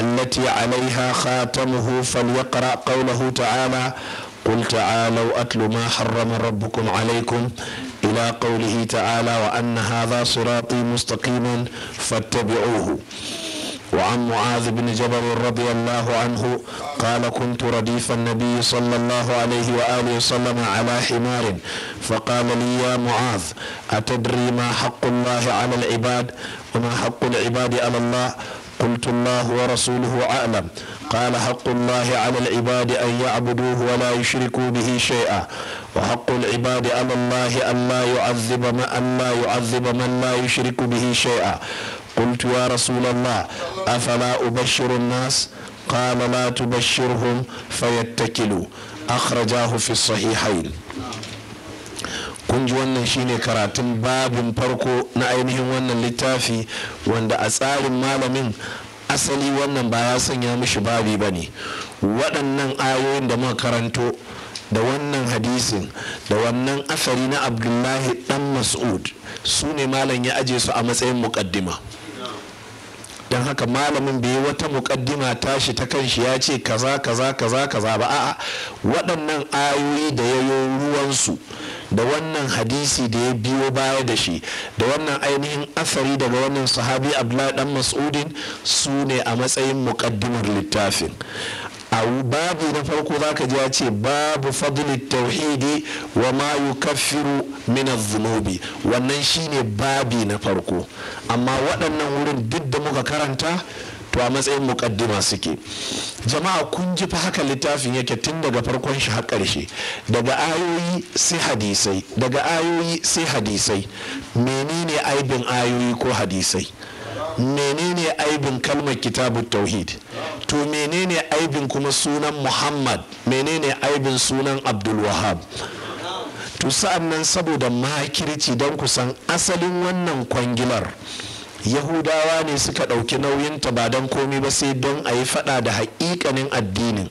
التي عليها خاتمه فليقرأ قوله تعالى قل تعالوا أتل ما حرم ربكم عليكم إلى قوله تعالى وأن هذا صراطي مستقيما فاتبعوه وعن معاذ بن جبل رضي الله عنه قال كنت رديف النبي صلى الله عليه وآله وسلم على حمار فقال لي يا معاذ أتدري ما حق الله على العباد وما حق العباد على الله قلت الله ورسوله أعلم قال حق الله على العباد أن يعبدوه ولا يشركوا به شيئا وحق العباد على الله أن لا يعذب من, يعذب من لا يشرك به شيئا قلت يا رسول الله أفلا أبشر الناس قال لا تبشرهم فيتكلوا أخرجاه في الصحيحين kunji wannan shine karatun babin farko na ainihin wannan littafi wanda a tsarin malamin asali wannan ba ya sanya mishi babi ba ne waɗannan ayoyin da muka karanto da wannan hadisin da wannan asali na abdullahi ɗan mas'ud su ne malam ya aje su a matsayin muƙaddima. don haka malamin bai wata mukaddima tashi ta kanshi ya ce kaza kaza kaza kaza ba a'a waɗannan ayoyi da ya yi ruwansu da wannan hadisi da ya biyo baya da shi da wannan ainihin asari daga wannan sahabi abdullahi dan mas'udin su ne a matsayin mukaddimar littafin a babu na farko zaka ji ya ce babu fadli tauhidi wa ma kafiru min zunubi wannan shine babi na farko amma waɗannan wurin duk da muka karanta to a matsayin mukaddima suke jama'a kun ji fa haka littafin yake tun daga farkon shi har ƙarshe daga ayoyi sai hadisai daga ayoyi sai hadisai menene aibin ayoyi ko hadisai menene aibin kalmar kitabun tauhid to menene aibin kuma sunan muhammad menene aibin sunan abdulwahab to sa'an nan saboda makirci don kusan asalin wannan kwangilar yahudawa ne suka ɗauki nauyinta ba don komi ba sai don a yi faɗa da haƙiƙanin addinin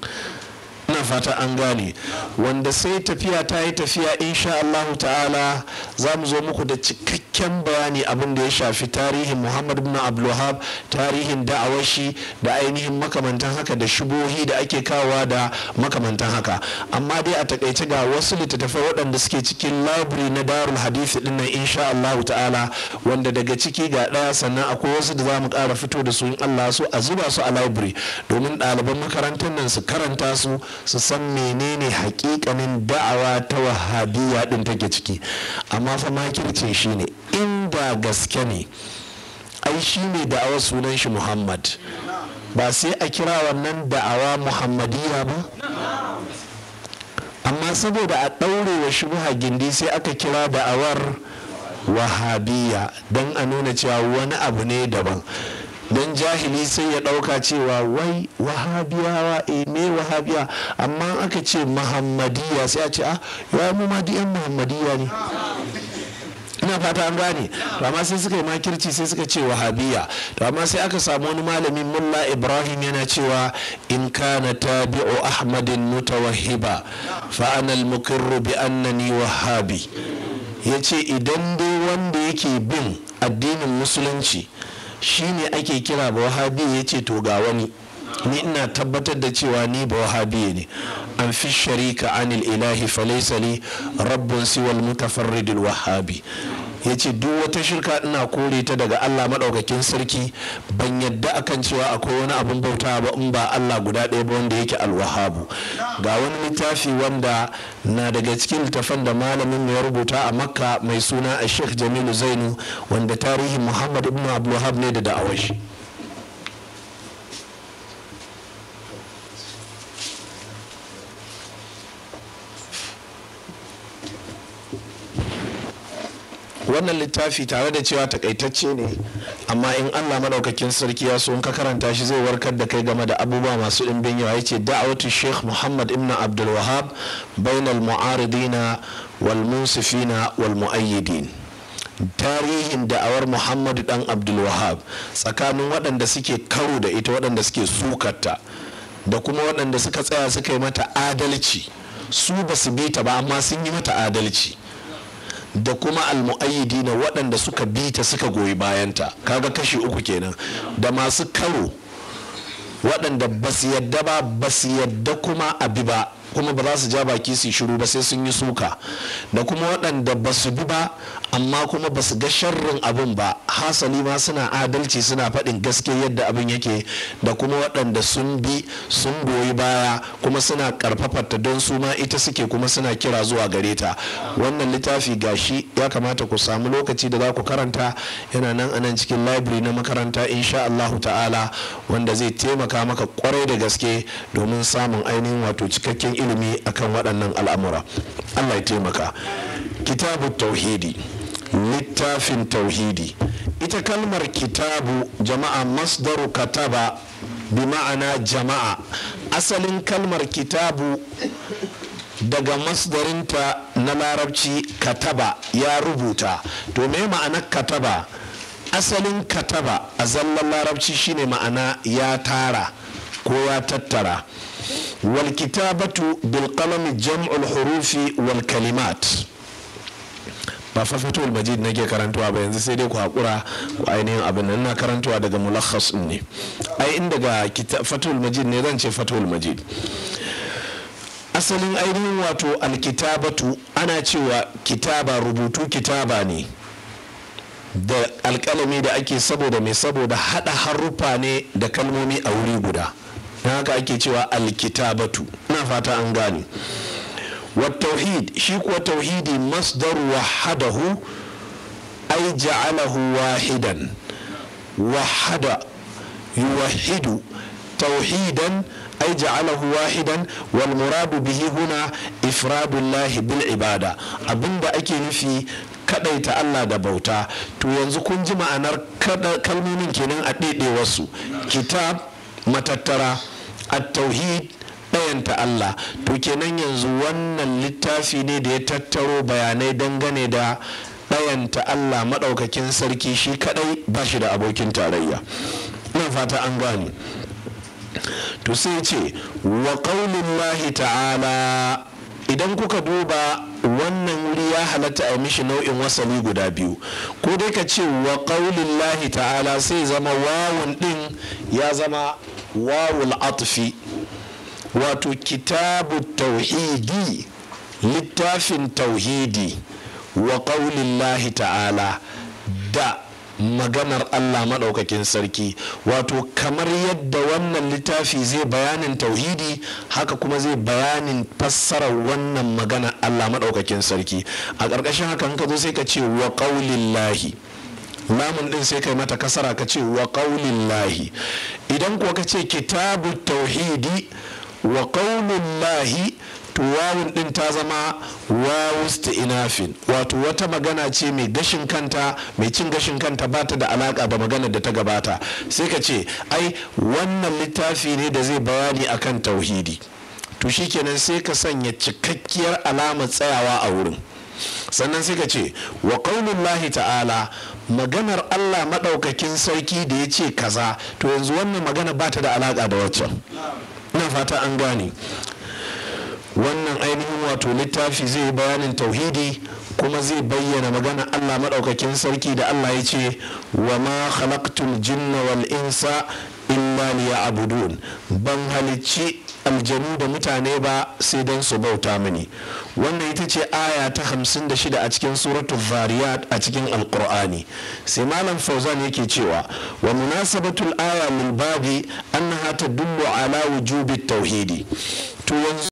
na fata an gane wanda sai tafiya ta yi tafiya insha Allah ta'ala za mu zo muku da cikakken bayani abin da ya shafi tarihin Muhammad bin Abdulwahab tarihin da'awashi da ainihin makamantan haka da shubohi da ake kawa da makamantan haka amma dai a takaice ga wasu littattafai waɗanda suke cikin labiri na darul hadisi din nan insha Allah ta'ala wanda daga ciki ga ɗaya sannan akwai wasu da za mu ƙara fito da su in Allah su a zuba su a labiri domin ɗaliban makarantar nan su karanta su su san menene hakikanin da'awa ta wahabiya din take ciki amma fa makircin shi ne inda gaske ne ai shi ne da'awa sunan shi muhammad ba sai a kira wannan da'awa Muhammadiyya ba amma saboda a ɗaure wa shubuha gindi sai aka kira da'awar wahabiyya, don a nuna cewa wani abu ne daban don jahili sai ya ɗauka cewa wai wahabiyawa e me wahabiya amma aka ce muhammadiya sai a ce a ah, ya mu ma yan muhammadiya ne ina fata an gane to amma sai suka yi makirci sai suka ce wahabiya to amma sai aka samu wani malamin mulla ibrahim yana cewa in kana tabi'u ahmadin mutawahhiba fa ana al-muqirru bi annani wahabi yace idan dai wanda yake bin addinin musulunci Shi shine ake kira ba wahabi ya ce to ga wani ni ina tabbatar da cewa ni ba wahabi ne an fi sharika anil ilahi falaisali rabbun siwal mutafarridil wahabi ya ce duk wata shirka ina kore ta daga allah maɗaukakin sarki ban yadda kan cewa akwai wani abin bauta ba in ba allah guda ɗaya ba wanda yake alwahabu ga wani littafi wanda na daga cikin littafan da malamin ya rubuta a makka mai suna a sheikh jamilu zainu wanda tarihin muhammad ibn abu ne da da'awar wannan littafi tare da cewa takaitacce ne amma in allah madaukakin sarki ya so in ka karanta shi zai warkar da kai game da abubuwa masu ɗimbin yawa yace da'awatu sheikh muhammad ibn abdul wahab bainal mu'aridina wal musifina wal mu'ayyidin tarihin da'awar muhammad dan abdul wahab tsakanin waɗanda suke karo da ita waɗanda suke sukarta da kuma waɗanda suka tsaya suka yi mata adalci su ba su bi ta ba amma sun yi mata adalci da kuma almu'ayyidi na waɗanda suka bi ta suka goyi bayanta kaga kashi uku kenan da masu karo waɗanda ba su yadda ba ba su yadda kuma a bi ba kuma ba za su ja baki su shiru ba sai sun yi suka da kuma waɗanda ba su bi ba amma kuma ba su ga sharrin abin ba hasali ma suna adalci suna faɗin gaske yadda abin yake da kuma waɗanda sun bi sun goyi baya kuma suna ƙarfafarta don su ma ita suke kuma suna kira zuwa gare ta wannan littafi gashi ya kamata ku samu lokaci da za ku karanta yana nan a nan cikin library na makaranta insha Allahu ta'ala wanda zai taimaka maka kwarai da gaske domin samun ainihin wato cikakken ilimi akan waɗannan al'amura Allah ya taimaka kitabu tauhidi littafin tauhidi ita kalmar kitabu jama'a masdaru kataba bi ma'ana jama'a asalin kalmar kitabu daga masdarinta na larabci kataba ya rubuta to me ma'anar kataba asalin kataba a zallar larabci shine ma'ana ya tara ko ya tattara wal kitabatu bil qalami jam'ul hurufi wal kalimat ba fa fatul majid nake karantuwa ba yanzu sai dai ku hakura ku ainihin abin nan na karantuwa daga mulakhas ne ai inda ga fatul majid ne zan ce fatul majid asalin ainihin wato alkitabatu ana cewa kitaba rubutu kitaba ne da alkalami da ake saboda mai saboda hada haruffa ne da kalmomi a wuri guda na haka ake cewa alkitabatu na fata an gane والتوحيد شيك توحيد مصدر وحده أي جعله واحدا وحد يوحد توحيدا أي جعله واحدا والمراد به هنا إفراد الله بالعبادة أبن أكي في kadaita Allah da bauta to yanzu kun ji ma'anar kalmomin kenan a ɗaiɗe wasu kitab matattara at ɗayanta Allah to kenan yanzu wannan littafi ne da ya tattaro bayanai dangane da ɗayanta Allah maɗaukakin sarki shi kaɗai ba shi da abokin tarayya ina fata an gane to sai ce wa lahi ta'ala idan kuka duba wannan wuri ya halatta a mishi nau'in wasali guda biyu ko dai ka ce wa lahi ta'ala sai zama wawun ɗin ya zama wawul atfi wato kitabu tauhidi littafin tauhidi wa ta'ala da maganar Allah maɗaukakin sarki wato kamar yadda wannan littafi zai bayanin tauhidi haka kuma zai bayanin fassara wannan magana Allah maɗaukakin sarki a ƙarƙashin haka ka zo sai ka ce wa ƙaulillahi lamun ɗin sai kai mata kasara ka ce wa idan kuwa ka ce kitabu tauhidi wa qaulullahi to wawun ɗin ta zama wawu inafin wato wata magana ce mai gashin kanta mai cin gashin kanta ba ta da alaka da magana da ta gabata sai ka ce ai wannan littafi ne da zai bayani akan tauhidi to shikenan sai ka sanya cikakkiyar alamar tsayawa a wurin sannan sai ka ce wa lahi ta'ala maganar allah maɗaukakin sarki da ya ce kaza to yanzu wannan magana ba ta da alaƙa da waccan na fata an gane wannan ainihin wato littafi zai bayanin tauhidi kuma zai bayyana magana Allah maɗaukakin sarki da Allah ya ce wa ma khalaqtul jinna wal insa illa abudun ban halicci aljanu da mutane ba sai don su bauta mini wannan ita ce aya ta hamsin da shida a cikin suratu zariyat a cikin alkur'ani sai malam fauzan yake cewa wa munasabatul aya min babi annaha tadullu ala wujubi tauhidi to yanzu